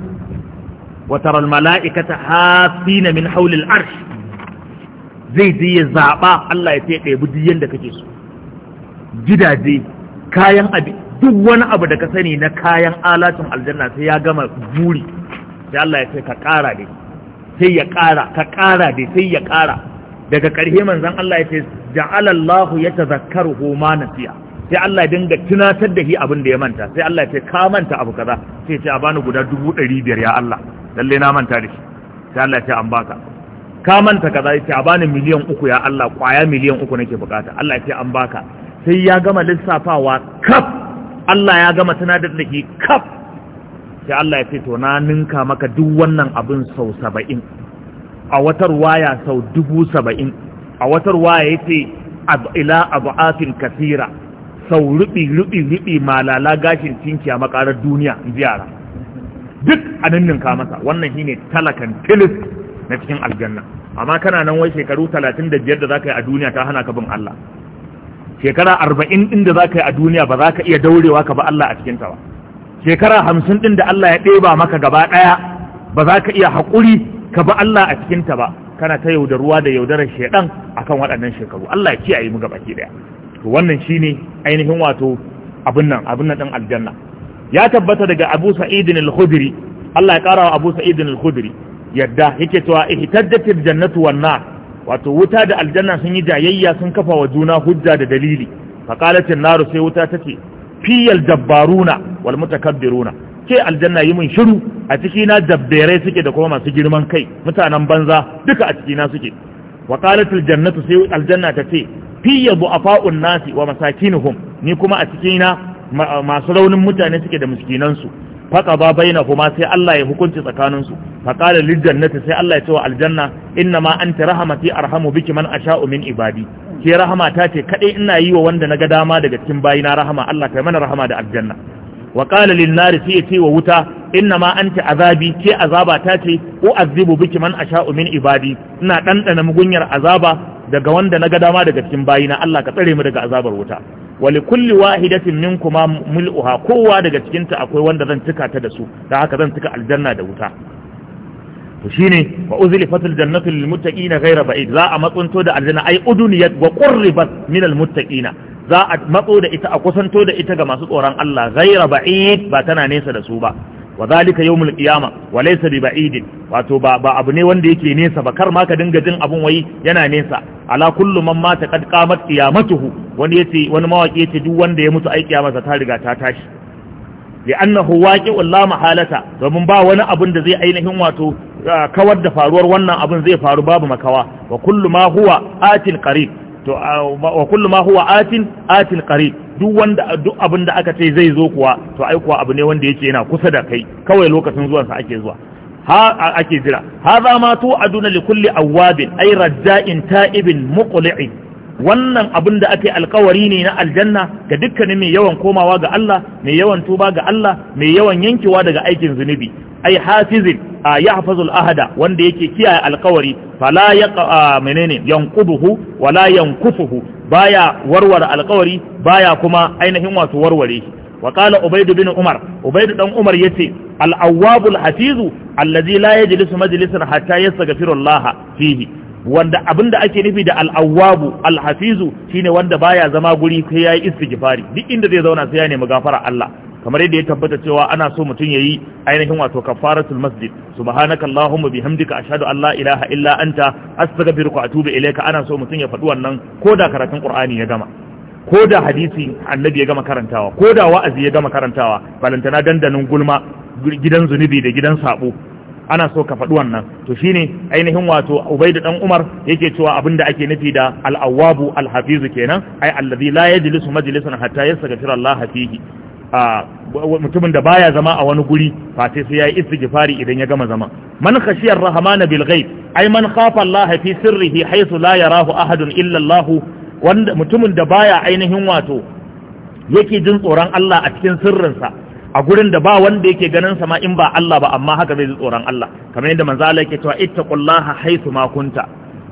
wataral mala'ikata hafi na min haulil arsh zai je ya zaɓa Allah ya ce ɗaya budiyan da kake so gidaje kayan abin duk wani abu da ka sani na kayan alatin aljanna sai ya gama buri sai Allah ya ce ka ƙara dai sai ya ƙara ka ƙara dai sai ya ƙara daga karhe manzon Allah ya ce ja'alallahu homa ma nasiya sai Allah ya dinga tunatar da shi abin da ya manta sai Allah ya ce ka manta abu kaza sai ya ce a bani guda 1500 ya Allah lalle na manta da shi sai Allah ya ce an baka ka manta kaza ya ce a bani miliyan uku ya Allah kwaya miliyan uku nake bukata Allah ya ce an baka sai ya gama lissafawa kaf Allah ya gama tunadar da ke kaf sai Allah ya ce to na ninka maka duk wannan abin sau saba'in a watar waya sau dubu saba'in a watar waya ya ce ila abu'afin kasira sau rubi rubi rubi malala gashin a makarar duniya ziyara duk a ninka masa wannan shi ne talakan tilis na cikin aljanna amma kana nan wai shekaru talatin da biyar da za ka yi a duniya ta hana ka bin Allah shekara arba'in ɗin da za ka yi a duniya ba za ka iya daurewa ka ba Allah a cikinta ba shekara hamsin ɗin da Allah ya ɗeba maka gaba ɗaya ba za ka iya haƙuri ka ba Allah a cikinta ba kana ta yaudaruwa da yaudarar shaidan akan waɗannan shekaru Allah ya kiyaye mu gaba ki ɗaya to wannan shine ainihin wato abin nan abin nan ɗin aljanna ya tabbata daga Abu Sa'id al-Khudri Allah ya ƙara wa Abu Sa'id al-Khudri yadda yake cewa ihtaddatil jannatu wan nar wato wuta da aljanna sun yi jayayya sun kafa wa juna hujja da dalili faqalatin naru sai wuta tace fiyal jabbaruna wal mutakabbiruna ke aljanna yi mun shiru a ciki na suke da kuma masu girman kai mutanen banza duka a ciki na suke waqalatul jannatu sai aljanna tace fiyal bu'afa'un nasi wa masakinuhum ni kuma a ciki na masu raunin mutane suke da miskinansu faqaba kuma sai Allah ya hukunci tsakaninsu. su faqala lil sai Allah ya ce wa aljanna innama rahama rahmati arhamu biki man asha'u ibadi ke rahama ta ce kaɗai ina yi wa wanda na ga dama daga cikin bayina rahama Allah kai mana rahama da aljanna wa qala lin nari sai ya ce wa wuta innama anta azabi ke azaba ta ce u'azzibu biki man asha'u ibadi ina ɗanɗana mugunyar azaba daga wanda ga dama daga cikin bayina Allah ka tsare mu daga azabar wuta wali kulli wahidatin minkuma mul'uha kowa daga cikin ta akwai wanda zan cika ta da su da haka zan cika aljanna da wuta to shine wa uzlifatil jannatu lil muttaqina ghayra ba'id za a matsunto da aljanna ay uduniyat wa qurribat min al muttaqina za a matso da ita a kusanto da ita ga masu tsoron Allah ghayra ba'id ba tana nesa da su ba wa zalika yawmul qiyama wa laysa bi ba'id wato ba ba abu ne wanda yake nesa ba kar ma ka dinga jin abun wai yana nesa ala kullu man mata kad qamat qiyamatuhu wani yace wani mawaki yace duk wanda ya mutu ai kiyamarsa ta riga ta tashi annahu waqi'un la mahalata domin ba wani abin da zai ainihin wato kawar da faruwar wannan abin zai faru babu makawa wa kullu ma huwa atin qarib to wa kullu ma huwa atin atin qarib duk wanda duk abin da aka ce zai zo kuwa to ai kuwa abu ne wanda yake yana kusa da kai kawai lokacin zuwansa ake zuwa ha ake jira haza ma tu aduna li kulli awabin ay radda'in ta'ibin muqli'in wannan abin da ake alkawari ne na aljanna ga dukkanin mai yawan komawa ga Allah mai yawan tuba ga Allah mai yawan yankewa daga aikin zunubi ai hafizin a yahfazul ahada wanda yake kiyaye alkawari fala yaqa menene yanqubuhu wala yankufuhu baya warware alkawari baya kuma ainihin wato warware shi wa qala bin umar ubayd dan umar yace al-awwabul hafizu allazi la majalisar hata hatta yastaghfiru Allah fihi wanda abinda ake nufi da al Alhafizu al-hafizu shine wanda baya zama guri sai iska istighfari duk inda zai zauna sai ya nemi gafara Allah kamar yadda ya tabbata cewa ana so mutum ya yi ainihin wato kafaratul masjid subhanaka allahumma bihamdika ashhadu an la ilaha illa anta astaghfiruka wa atubu ilayka ana so mutum ya faɗi wannan da karatun qur'ani ya gama ko da hadisi annabi ya gama karantawa ko da wa'azi ya gama karantawa balantana dandanin gulma gidan zunubi da gidan sabo ana so ka faɗi wannan to shine ainihin wato ubaidu dan umar yake cewa abinda ake nufi da al-awwabu al-hafizu kenan ai allazi la yajlisu majlisan hatta yastaghfira Allah fihi mutumin da baya zama a wani guri fa sai sai yayi istighfari idan ya gama zama man khashiyar rahmana bil ghaib ai man khafa Allah fi sirrihi haythu la yarahu ahadun illa Allah wanda mutumin da baya ainihin wato yake jin tsoron Allah a cikin sirrinsa a gurin da ba wanda yake ganin sama in ba Allah ba amma haka zai ji tsoron Allah kamar yadda manzo Allah yake cewa ittaqullaha haythu ma kunta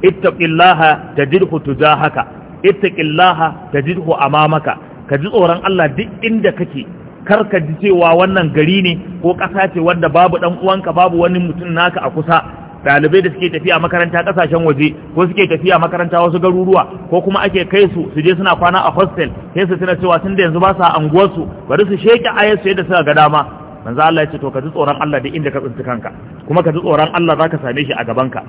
ittaqillaha tajidhu tujahaka ittaqillaha tajidhu amamaka ka ji tsoron Allah duk inda kake kar ka ji cewa wannan gari ne ko ƙasa ce wanda babu dan uwanka babu wani mutum naka a kusa Dalibai da suke tafiya makaranta kasashen waje ko suke tafiya makaranta wasu garuruwa ko kuma ake kai su su je suna kwana a hostel sai su tuna cewa tun da yanzu ba sa anguwarsu bari su sheke ayyansu yadda suka ga dama manzo Allah ya ce to ka ji tsoron Allah da inda ka tsinci kanka kuma ka ji tsoron Allah zaka same shi a gaban ka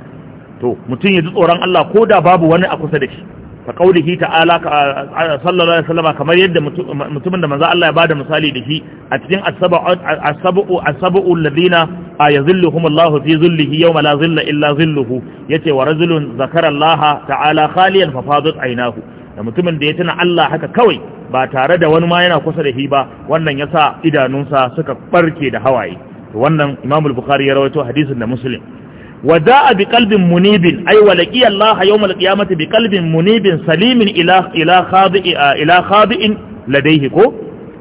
to mutum ya ji tsoron Allah ko da babu wani a kusa da shi ka kaulihi ta'ala sallallahu alaihi wasallam kamar yadda mutumin da manzo Allah ya bada misali da shi a cikin as-sab'u as-sab'u alladhina yazilluhum Allah fi zillihi yawma la zilla illa zilluhu yace wa rajulun zakara Allah ta'ala khaliyan fa fadat aynahu da mutumin da ya tuna Allah haka kawai ba tare da wani ma yana kusa da shi ba wannan yasa idanunsa suka barke da hawaye wannan Imam al-Bukhari ya rawaito hadisin da Muslim munibin ai walaƙi أي ولقي الله يوم bi بقلب munibin salimin إلى إلى خاضئ إلى خاضئ لديه كو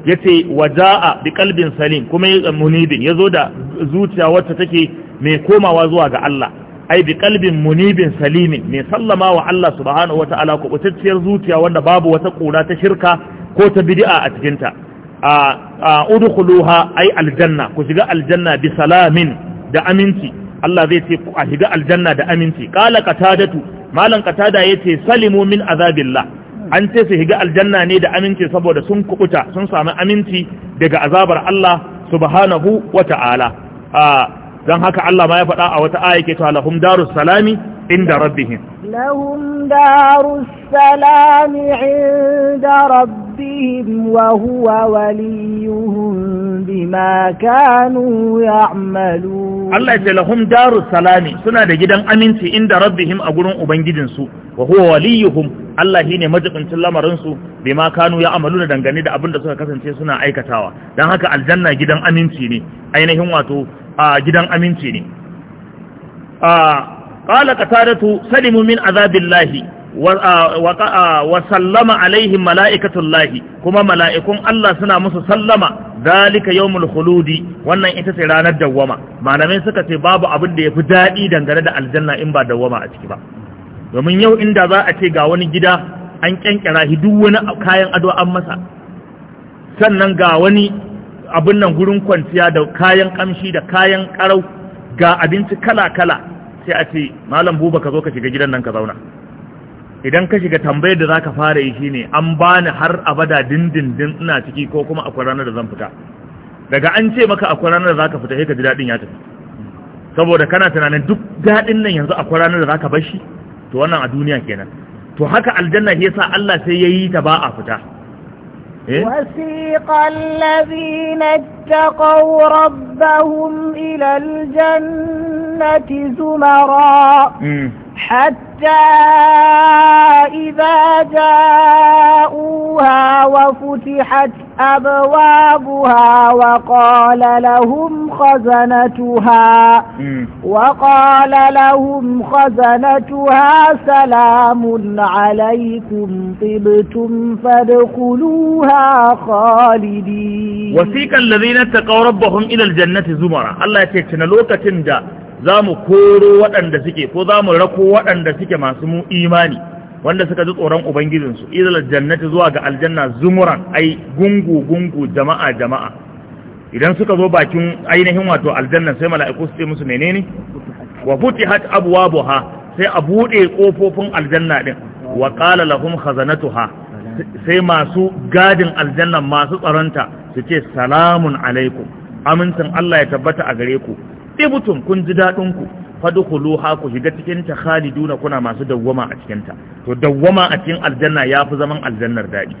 yace a bi qalbin salim kuma munibin yazo da zuciya wacce take mai komawa zuwa ga Allah ai bi qalbin munibin salimin mai sallama wa Allah subhanahu wataala ko wutacciyar zuciya wanda babu wata kura ta shirka ko ta bidi'a a cikin ta a udkhuluha ai aljanna ku shiga aljanna bi salamin da aminci Allah zai ce a shiga aljanna da aminci kala qatadatu malan qatada yace salimu min azabillah an ce su shiga aljanna ne da aminci saboda sun kubuta sun samu aminci daga azabar Allah subhanahu wata'ala a ah, dan haka Allah ma ya faɗa a wata aya yake to lahum darus salami inda rabbihim lahum darus salam inda rabbihim wa huwa waliyuhum bima kanu Allah ya ce lahum darus salam suna da gidan aminci inda rabbihim a gurin ubangijin su wa huwa waliyuhum Allah shine majibincin lamarin su bima kanu da dangane da abin da suka kasance suna aikatawa dan haka aljanna gidan aminci ne ainihin wato gidan aminci ne a qala qatadatu salimu min azabillahi wa sallama alaihim mala'ikatullahi kuma mala'ikun Allah suna musu sallama dalika yawmul khuludi wannan ita ce ranar dawwama malamai suka ce babu abin da yafi dadi dangane da aljanna in ba dawwama a ciki ba domin yau inda za a ce ga wani gida an kyankyara shi duk wani kayan ado an masa sannan ga wani abin nan gurin kwanciya da kayan kamshi da kayan karau ga abinci kala-kala sai a ce malam buba ka zo ka shiga gidan nan ka zauna idan ka shiga tambayar da zaka fara yi shine an bani har abada dindindin ina ciki ko kuma akwai ranar da zan fita daga an ce maka akwai ranar da zaka fita sai ka ji dadin ya tafi saboda kana tunanin duk dadin nan yanzu akwai ranar da zaka bar shi to wannan a duniya kenan to haka aljanna yasa Allah sai yayi ta ba a fita إيه؟ وسيق الذين اتقوا ربهم إلى الجنة زمرا حتى إذا جاءوها وفتحت أبوابها وقال لهم خزنتها وقال لهم خزنتها سلام عليكم طبتم فادخلوها خالدين وفيك الذين اتقوا ربهم إلى الجنة زمرا الله يتكلم لوكة za mu koro waɗanda suke ko za mu rako waɗanda suke masu imani wanda suka ji tsoron ubangijinsu idan jannati zuwa ga aljanna zumuran ai gungu gungu jama'a jama'a idan suka zo bakin ainihin wato aljanna sai mala'iku su ce musu menene wa futihat abwabuha sai a bude kofofin aljanna din wa qala lahum khazanatuha sai masu gadin aljanna masu tsaronta su ce salamun alaikum amincin Allah ya tabbata a gare ku tibtum kun ji dadin ku fadkhuluha ku shiga cikin ta khaliduna kuna masu dawwama a cikin ta to dawwama a cikin aljanna yafi zaman aljannar daɗi,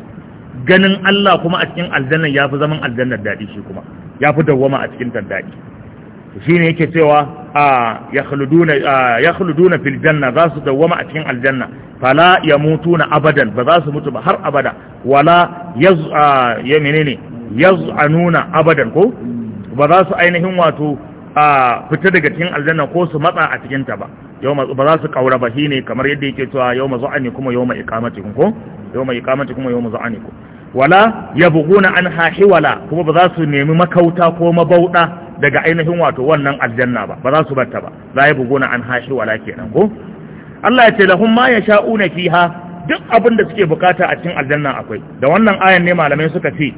ganin Allah kuma a cikin aljanna yafi zaman aljannar daɗi, shi kuma yafi dawwama a cikin ta daɗi. dadi shine yake cewa yakhluduna yakhluduna fil janna za su dawwama a cikin aljanna fala na abadan ba za su mutu ba har abada wala yaz ya menene yaz'anuna abadan ko ba za su ainihin wato a fita daga cikin aljanna ko su matsa a cikin ta ba yau ba za su kaura ba shine kamar yadda yake cewa yau ma zu'ani kuma yau ma iqamati kun ko yau ma iqamati kuma yau ma zu'ani ku wala yabghuna hahi wala kuma ba za su nemi makauta ko mabauda daga ainihin wato wannan aljanna ba ba za su barta ba za buguna an anha wala kenan ko Allah ya ce lahum ma yasha'una fiha duk abin da suke bukata a cikin aljanna akwai da wannan ayan ne malamai suka ce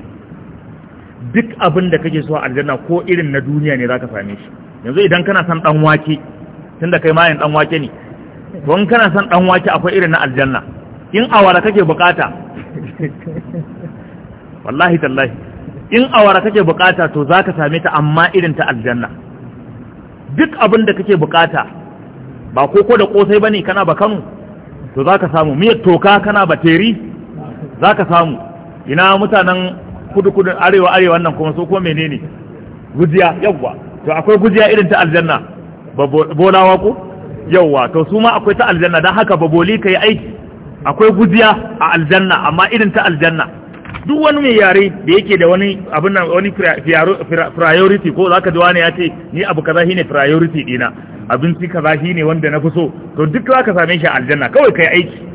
duk abin da kake so a aljanna ko irin na duniya ne zaka same shi yanzu idan kana son dan wake tunda kai yin dan wake ne to in kana son dan wake akwai irin na aljanna in awara kake bukata wallahi tallahi in awara kake bukata to zaka same ta amma irin ta aljanna duk abin da kake bukata ba koko da kosai bane kana ba Kano to zaka samu miyar toka kana ba teri zaka samu ina mutanen kudu kudu arewa arewa nan kuma su kuma menene gujiya yawwa to akwai gujiya irin ta aljanna bolawa ko yawwa to su ma akwai ta aljanna dan haka baboli ka yi aiki akwai gujiya a aljanna amma irin ta aljanna duk wani mai yare da yake da wani abin nan wani priority ko zaka ji wani ya ce ni abu kaza shine priority dina abinci kaza shine wanda na fi so to duk zaka same shi a aljanna kawai kai aiki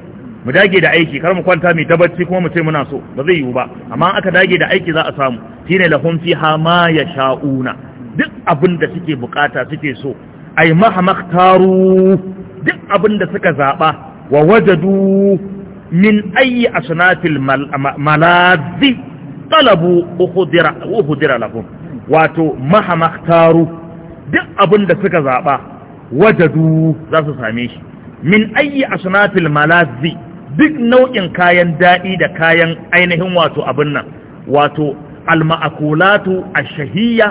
mu dage da aiki kar mu kwanta mai tabacci kuma mu ce muna so ba zai yiwu ba amma aka dage da aiki za a samu shine lahum fiha ma sha'una duk abin da suke bukata suke so ay mahamaktaru duk abin da suka zaba wa wajadu min ayi asnatil malazi talabu uhdira uhdira lahum wato mahamaktaru duk abin da suka zaba wajadu za su same shi min ayi asnatil malazi duk nau'in kayan daɗi da kayan ainihin wato abin nan wato alma'akulatu ashahiyya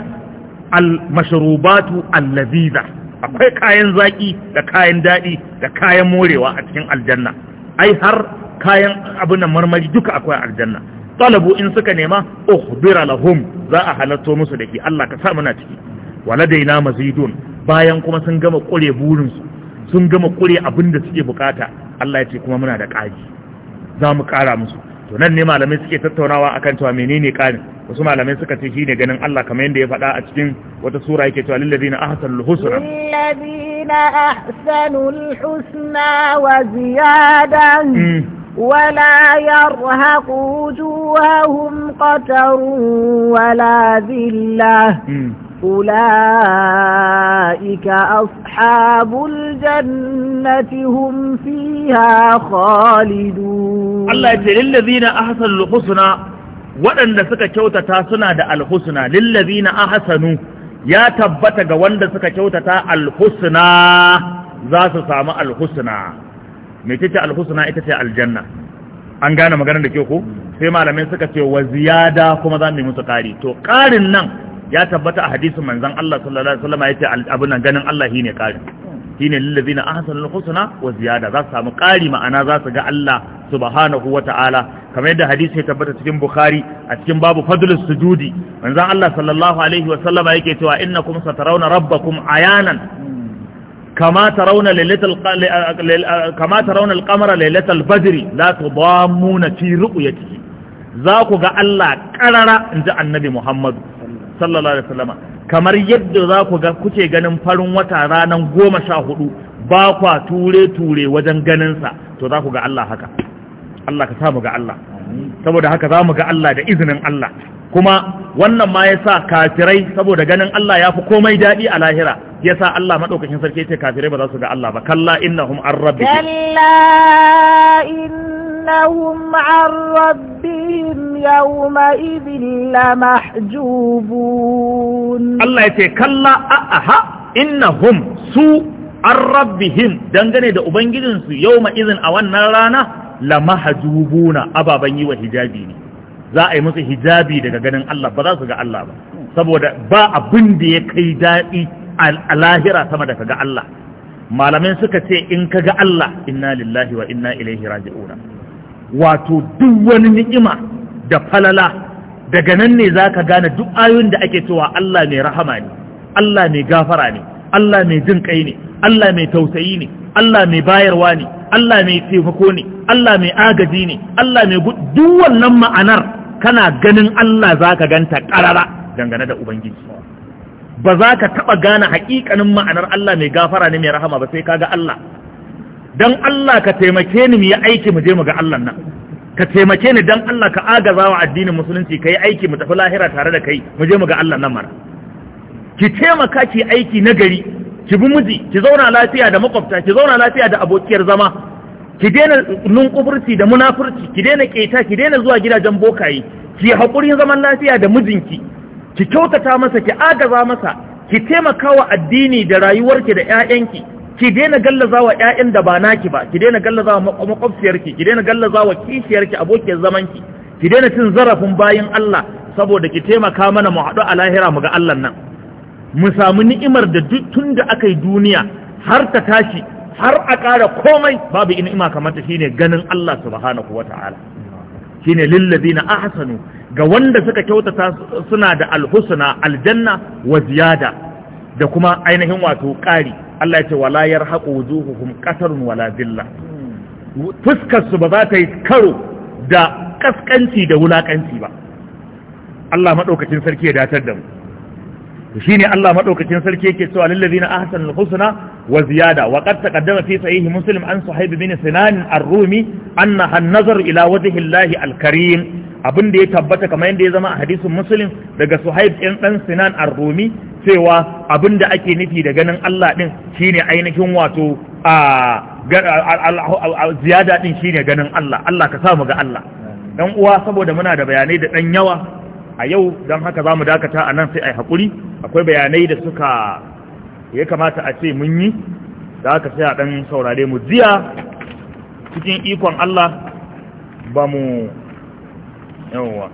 almashrubatu allaziza akwai kayan zaki da kayan daɗi da kayan morewa a cikin aljanna ai har kayan abin nan marmari duka akwai aljanna talabu in suka nema ukhbira lahum za a halatto musu da dake Allah ka sa muna ciki waladaina mazidun bayan kuma sun gama kure su sun gama kure abin da suke bukata Allah ya ce kuma muna da ƙari za mu ƙara musu to nan ne malamai suke tattaunawa akan cewa menene ƙarin wasu malamai suka ce shine ganin Allah kamar yadda ya faɗa a cikin wata sura yake cewa lillazina ahsanul husna lillazina ahsanul husna wa ziyadan ولا يرهق وجوههم قتر ولا ذله أولئك أصحاب الجنة هم فيها خالدون الله يقول للذين أحسنوا الحسنى وأن سكا كوتا تاسنا دا الحسنى للذين أحسنوا يا تبتا وأن سكا كوتا تا الحسنى ذات سامة الحسنى متى الحسنى إتى الجنة an gane maganar da ke ku sai malamai suka ce wa ziyada kuma za mu yi musu ƙari to ƙarin nan ya tabbata a hadisin manzon Allah sallallahu alaihi wasallam yace abin nan ganin Allah shine kari shine na ahsanul husna wa ziyada za su samu kari ma'ana za su ga Allah subhanahu wa ta'ala kamar yadda hadisi ya tabbata cikin bukhari a cikin babu fadlus sujudi manzon Allah sallallahu alaihi wasallam yake cewa innakum satarawna rabbakum ayanan كما ترون ليلة كما ترون القمر ليلة البدر لا تضامون في رؤيته ga Allah karara inda annabi Muhammad sallallahu alaihi wasallama kamar yadda za ku ga kuke ganin farin wata ranan goma sha hudu ba kwa ture-ture wajen ganinsa to za ku ga Allah haka Allah ka samu ga Allah saboda haka za mu ga Allah da izinin Allah kuma wannan ma ya sa kafirai saboda ganin Allah ya fi komai daɗi a lahira ya sa Allah maɗaukacin sarki ce kafirai ba za su ga Allah ba kalla innahum an rabbi إنهم عن ربهم يومئذ لمحجوبون الله يتكلى أأها إنهم سوء عن ربهم دنجني دا أبنجدن سوء يومئذ أولنا رانا لمحجوبون أبا بني ne, za a yi musu hijabi daga ganin Allah ba za su ga Allah ba saboda ba abin da ya kai daɗi a lahira sama da kaga Allah malamin suka ce in kaga Allah inna lillahi wa inna ilaihi raji'una wato duk wani ni'ima da falala daga nan ne za ka gane duk ayoyin da ake cewa Allah mai rahama ne Allah mai gafara ne Allah mai jin kai ne Allah mai tausayi ne Allah mai bayarwa ne Allah mai taimako ne Allah mai agaji ne Allah mai duk wannan ma'anar kana ganin Allah za ka ganta ƙarara dangane da Ubangiji ba za ka taɓa gane haƙiƙanin ma'anar Allah mai gafara ne mai rahama ba sai ka ga Allah don Allah ka taimake ni mu yi aiki mu je mu ga Allah nan ka taimake ni don Allah ka agaza wa addinin musulunci ka yi aiki mu tafi lahira tare da kai mu je mu ga Allah nan mara ki taimaka ki aiki na gari ki bi miji ki zauna lafiya da makwabta ki zauna lafiya da abokiyar zama ki daina nunkufurci da munafurci ki daina keta ki daina zuwa gidajen bokaye ki haƙurin zaman lafiya da mijinki ki kyautata masa ki agaza masa ki taimaka wa addini da rayuwarki da 'ya'yanki ki daina gallaza wa ƴaƴan da ba naki ba ki daina gallaza wa makwabciyarki ki daina gallaza wa kishiyarki abokin zamanki ki daina cin zarafin bayin Allah saboda ki taimaka mana mu haɗu a lahira mu ga Allah nan mu samu ni'imar da duk tun da aka yi duniya har ta tashi har a ƙara komai babu ni'ima kamar ta shine ganin Allah subhanahu wata'ala shine lillazina ahsanu ga wanda suka kyautata suna da alhusna aljanna wa ziyada da kuma ainihin wato ƙari Allah ya ce wala yarhaqu wujuhuhum qatarun wala zilla fuskar ba za ta yi karo da ƙasƙanci da wulaƙanci ba Allah maɗaukacin sarki ya datar da mu ne Allah maɗaukacin sarki yake cewa lil ladina ahsanul husna wa ziyada wa qad taqaddama fi sahih muslim an suhayb bin sinan ar-rumi anna an-nazar ila wajhi al-karim abin da ya tabbata kamar yadda ya zama a hadisin musulun daga suhaib ɗin ɗan sinan a rumi cewa abin da ake nufi da ganin Allah ɗin shine ainihin wato a ziyada ɗin shine ganin Allah Allah ka samu ga Allah Ɗan uwa saboda muna da bayanai da ɗan yawa a yau don haka za mu dakata a nan sai a haƙuri, akwai bayanai da suka ya kamata a ce mun yi da aka sai a ɗan saurare mu jiya cikin ikon Allah ba mu yawwa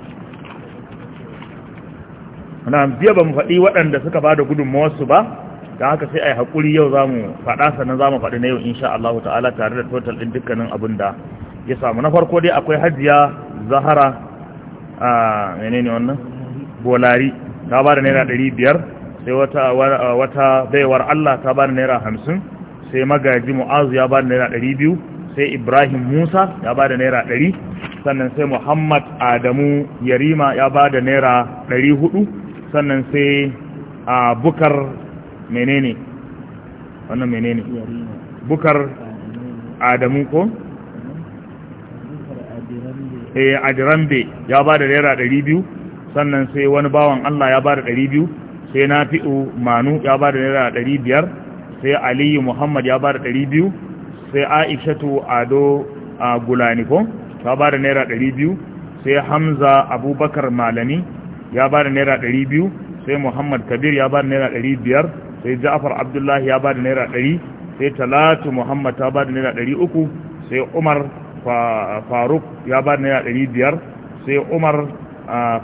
na biya ba mu faɗi waɗanda suka ba da gudunmawarsu ba da haka sai a yi haƙuri yau za mu faɗa sannan za mu faɗi na yau insha Allah ta'ala tare da total ɗin dukkanin abin da ya samu na farko dai akwai hajiya zahara a menene wannan bolari ta ba da naira ɗari biyar sai wata baiwar Allah ta ba da naira hamsin sai magaji mu'azu ya ba da naira ɗari biyu sai ibrahim musa ya ba da naira ɗari sannan sai muhammad adamu yarima ya ba da naira 400 sannan sai a bukar menene wannan menene bukar adamu ko eh adirambe ya ba da naira 200 sannan sai wani bawan allah ya ba da 200 sai fi'u manu ya ba da naira 500 sai aliyu muhammad ya ba da 200 sai aishatu ado a gulani ko ta ba da naira ɗari biyu sai hamza abubakar malami ya ba da naira ɗari biyu sai muhammad kabir ya ba da naira ɗari biyar sai ja'afar abdullahi ya ba da naira ɗari sai talatu muhammad ta ba da naira ɗari uku sai umar faruk ya ba da naira ɗari biyar sai umar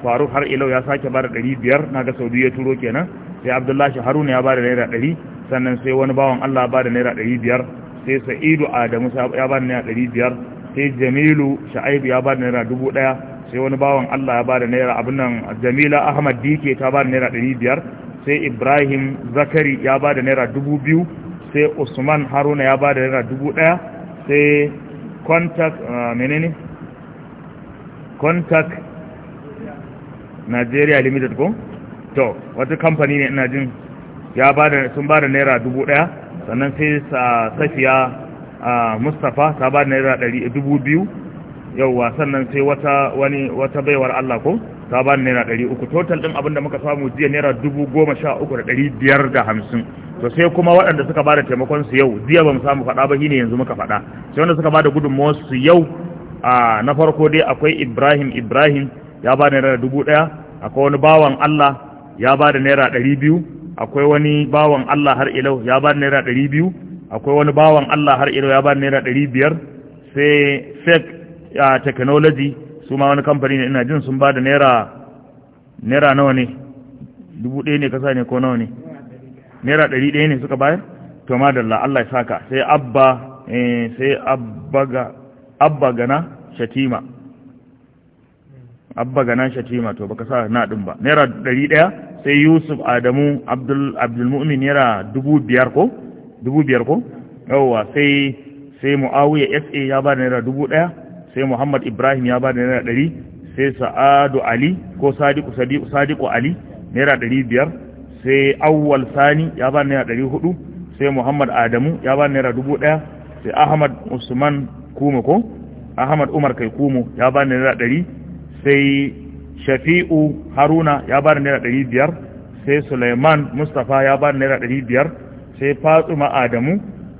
faruk har ilau ya sake ba da ɗari biyar na ga saudi ya turo kenan sai abdullahi haruna ya ba da naira ɗari sannan sai wani bawan allah ba da naira ɗari biyar sai sa'idu adamu ya ba da naira ɗari biyar sai jamilu sha'aibu ya ba da naira dubu ɗaya sai wani bawan allah ya ba da naira abin nan jamila ahmad dike ta ba da naira ɗari biyar sai ibrahim zakari ya ba da naira dubu biyu sai usman haruna ya ba da naira dubu ɗaya sai kontak uh, menene kontak nigeria limited ko to wata kamfani ne ina jin ya sun ba da naira dubu ɗaya sannan sai uh, safiya mustapha ta ba da naira dubu biyu yauwa sannan sai wata wani wata baiwar Allah ko ta ba da naira ɗari uku total ɗin abinda muka samu jiya naira dubu goma sha uku da ɗari biyar da hamsin to sai kuma waɗanda suka ba da taimakon su yau jiya ba mu samu faɗa ba shine yanzu muka faɗa sai wanda suka ba da gudunmawar su yau a na farko dai akwai Ibrahim Ibrahim ya ba da naira dubu ɗaya akwai wani bawan Allah ya ba da naira ɗari biyu akwai wani bawan Allah har ilau ya ba da naira ɗari biyu akwai wani bawan Allah har iro ya ba naira ɗari biyar sai a technology su ma wani kamfani ne ina jin sun ba da naira naira nawa ne dubu ɗaya ne kasa ne ko nawa ne naira ɗari ɗaya ne suka bayar to ma da Allah ya saka sai abba eh, sai abba gana shatima abba gana shatima to baka sa na ɗin ba naira ɗari ɗaya sai yusuf adamu abdul mu'min naira dubu biyar ko dubu biyar ko yawwa sai sai muawiya sa ya ba da naira dubu ɗaya sai muhammad ibrahim ya ba da naira ɗari sai sa'adu ali ko sadiku sadiku ali naira ɗari biyar sai awwal sani ya ba da naira ɗari hudu sai muhammad adamu ya ba da naira dubu ɗaya sai ahmad usman kuma ko ahmad umar kai kumo ya ba da naira ɗari sai shafi'u haruna ya ba da naira ɗari biyar sai suleiman mustapha ya ba da naira ɗari biyar sai fatsuma adamu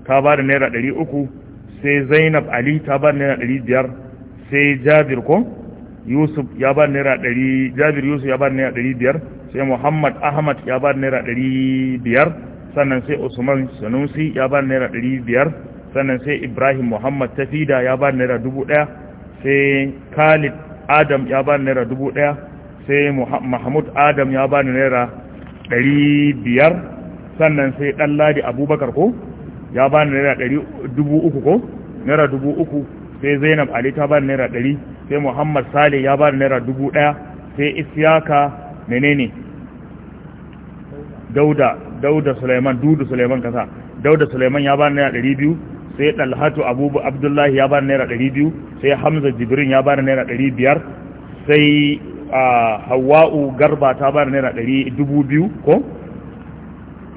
ta ba da naira ɗari uku sai zainab ali ta ba da naira ɗari biyar sai jabir ko yusuf ya ba da naira ɗari jabir yusuf ya ba da naira ɗari biyar sai muhammad ahmad ya ba da naira ɗari biyar sannan sai usman sanusi ya ba da naira ɗari biyar sannan sai ibrahim muhammad tafida ya ba da naira dubu ɗaya sai khalid adam ya ba da naira dubu ɗaya sai mahmud adam ya ba da naira ɗari biyar sannan sai dan ladi abubakar ko ya ba ni naira dubu uku ko naira dubu uku sai zainab ali ta ba ni naira ɗari sai muhammad sale ya ba ni naira dubu ɗaya sai isyaka menene dauda dauda suleiman dudu suleiman kasa dauda suleiman ya ba ni naira ɗari biyu sai dalhatu abubu abdullahi ya ba ni naira ɗari biyu sai hamza jibrin ya ba ni naira ɗari biyar sai ah, hawa'u garba ta ba ni naira ɗari dubu biyu ko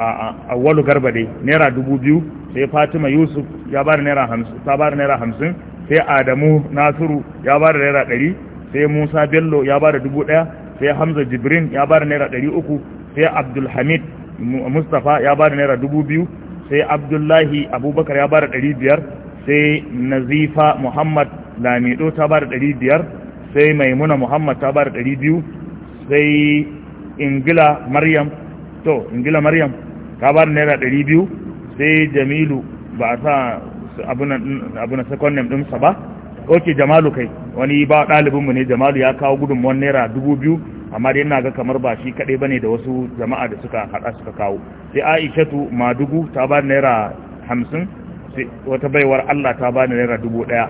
a walu garba dai naira dubu biyu sai fatima yusuf ya ba da naira hamsin ta ba da naira hamsin sai adamu nasiru ya ba da naira ɗari sai musa bello ya ba da dubu ɗaya sai hamza jibrin ya ba da naira ɗari uku sai abdulhamid mustapha ya ba da naira dubu biyu sai abdullahi abubakar ya ba da ɗari biyar sai nazifa muhammad lamido ta ba da ɗari biyar sai maimuna muhammad ta ba da ɗari biyu sai ingila maryam to ingila maryam ka ba da naira ɗari biyu sai jamilu ba a sa abu na second name sa ba ok jamalu kai wani ba ɗalibinmu ne jamalu ya kawo gudunmuwan naira dubu biyu amma dai ina ga kamar ba shi kaɗai ba ne da wasu jama'a da suka haɗa suka kawo sai aishatu dugu ta ba naira hamsin wata baiwar allah ta ba naira dubu ɗaya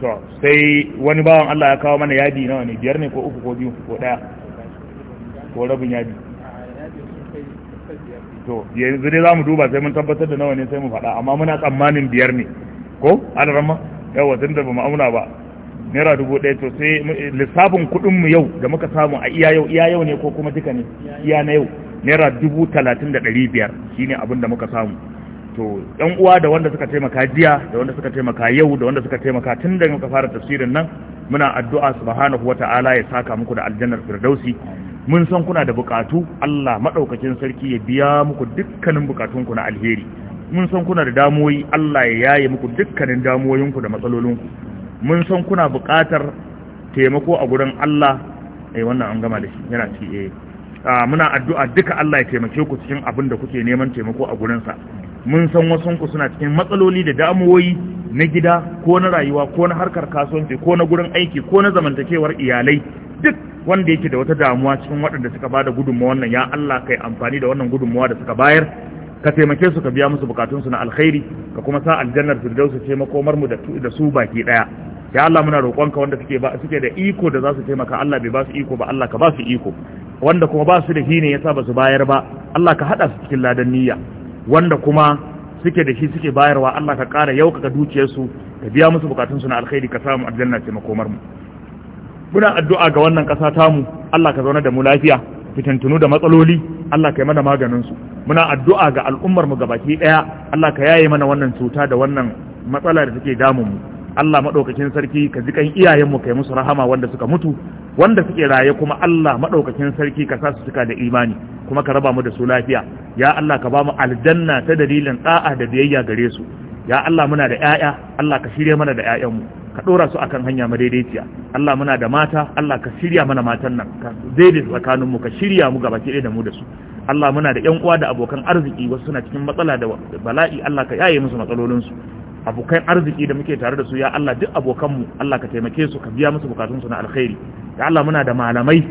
to sai wani bawan allah ya kawo mana yadi nawa ne biyar ne ko uku ko biyu ko ɗaya ko rabin yadi to yanzu dai za mu duba sai mun tabbatar da nawa ne sai mu faɗa amma muna tsammanin biyar ne ko alarama yawa tun da ba mu auna ba naira dubu ɗaya to sai lissafin kuɗin mu yau da muka samu a iya yau iya yau ne ko kuma duka ne iya na yau naira dubu talatin da ɗari biyar shine abin da muka samu to ɗan uwa da wanda suka taimaka jiya da wanda suka taimaka yau da wanda suka taimaka tun da muka fara tafsirin nan muna addu'a subhanahu wata'ala ya saka muku da aljannar firdausi mun san kuna da bukatu Allah Madaukakin sarki ya biya muku dukkanin bukatunku na alheri mun san kuna da damuwoyi Allah ya yaye muku dukkanin damuwoyinku da matsalolinku mun san kuna buƙatar taimako a gurin Allah eh wannan an gama da shi yana ci eh ah, muna addu'a duka Allah ya taimake ku cikin abin da kuke neman taimako a gurinsa mun san wasunku suna cikin matsaloli da damuwoyi na gida ko na rayuwa ko na harkar kasuwanci ko na gurin aiki ko na zamantakewar iyalai duk wanda yake da wata damuwa cikin waɗanda suka ba da gudunmawa wannan ya Allah kai amfani da wannan gudunmawa da suka bayar ka taimake su ka biya musu bukatunsu na alkhairi ka kuma sa aljannar firdausu ce makomar mu da su baki daya ya Allah muna roƙonka wanda suke ba suke da iko da za su taimaka Allah bai ba su iko ba Allah ka ba su iko wanda kuma ba su da hine yasa ba su bayar ba Allah ka hada su cikin ladan niyya wanda kuma suke da shi suke bayarwa Allah ka ƙara yaukaka dukiyarsu ka biya musu bukatunsu na alkhairi ka samu aljanna ce makomar mu muna addu'a ga wannan ƙasa mu Allah ka zauna da mu lafiya fitintunu da matsaloli Allah ka yi mana maganin su muna addu'a ga al'ummar mu gabaki daya Allah ka yaye mana wannan cuta da wannan matsala da take damun mu Allah madaukakin sarki ka ji kan iyayen mu kai musu rahama wanda suka mutu wanda suke raye kuma Allah madaukakin sarki ka sa su suka da imani kuma ka raba mu da su lafiya ya Allah ka ba mu aljanna ta dalilin da'a da biyayya gare su ya Allah muna da ƴaƴa Allah ka shirye mana da ƴaƴanmu ka ɗora su akan hanya madaidaiciya Allah muna da mata Allah ka shirya mana matan nan ka daidai tsakaninmu ka shirya mu gaba ki da mu da su Allah muna da ƴan uwa da abokan arziki wasu suna cikin matsala da bala'i Allah ka yaye musu matsalolinsu abokan arziki da muke tare da su ya Allah duk abokanmu Allah ka taimake su ka biya musu bukatunsu na alkhairi ya Allah muna da malamai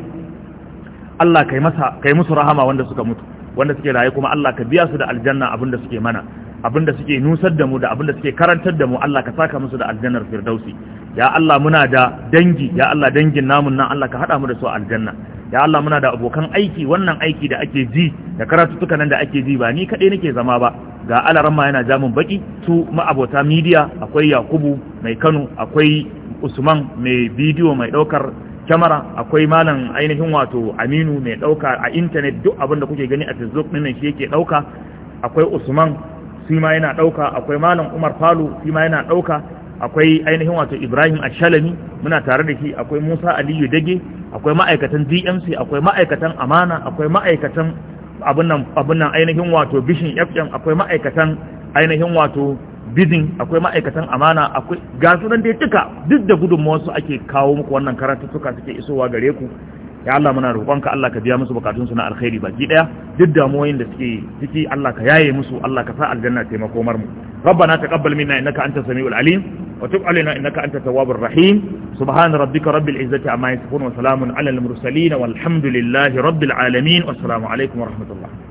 Allah kai masa kai musu rahama wanda suka mutu wanda suke raye kuma Allah ka biya su da aljanna abinda suke mana abinda suke nusar da mu da abinda suke karantar da mu Allah ka saka musu da aljannar firdausi ya Allah muna da dangi ya Allah dangin namun nan Allah ka hada mu da su a aljanna ya Allah muna da abokan aiki wannan aiki da ake ji da karatuttuka nan da ake ji ba ni kaɗai nake zama ba ga alaramma yana jamun baki su ma'abota midiya akwai yakubu mai kano akwai usman mai bidiyo mai ɗaukar kyamara akwai malam ainihin wato aminu mai dauka a intanet duk abinda kuke gani a facebook nan shi yake dauka akwai usman shi ma yana dauka akwai malam umar falu shi ma yana dauka akwai ainihin wato ibrahim ashalami muna tare da shi akwai musa aliyu dage akwai ma'aikatan dmc akwai ma'aikatan amana akwai ma'aikatan abin nan ainihin wato bishin fm akwai ma'aikatan ainihin wato bidin akwai ma'aikatan amana akwai ga sunan dai duka duk da gudunmawarsu ake kawo muku wannan karatuttuka suke isowa gare ku ya Allah muna roƙonka Allah ka biya musu bukatunsu na alkhairi baki daya duk damuwoyin da suke ciki Allah ka yaye musu Allah ka sa aljanna ta makomar mu rabbana taqabbal minna innaka antas samiul alim wa tub alaina innaka antat tawwabur rahim subhana rabbika rabbil izzati amma yasifun wa salamun alal mursalin walhamdulillahi rabbil alamin wassalamu alaikum wa rahmatullah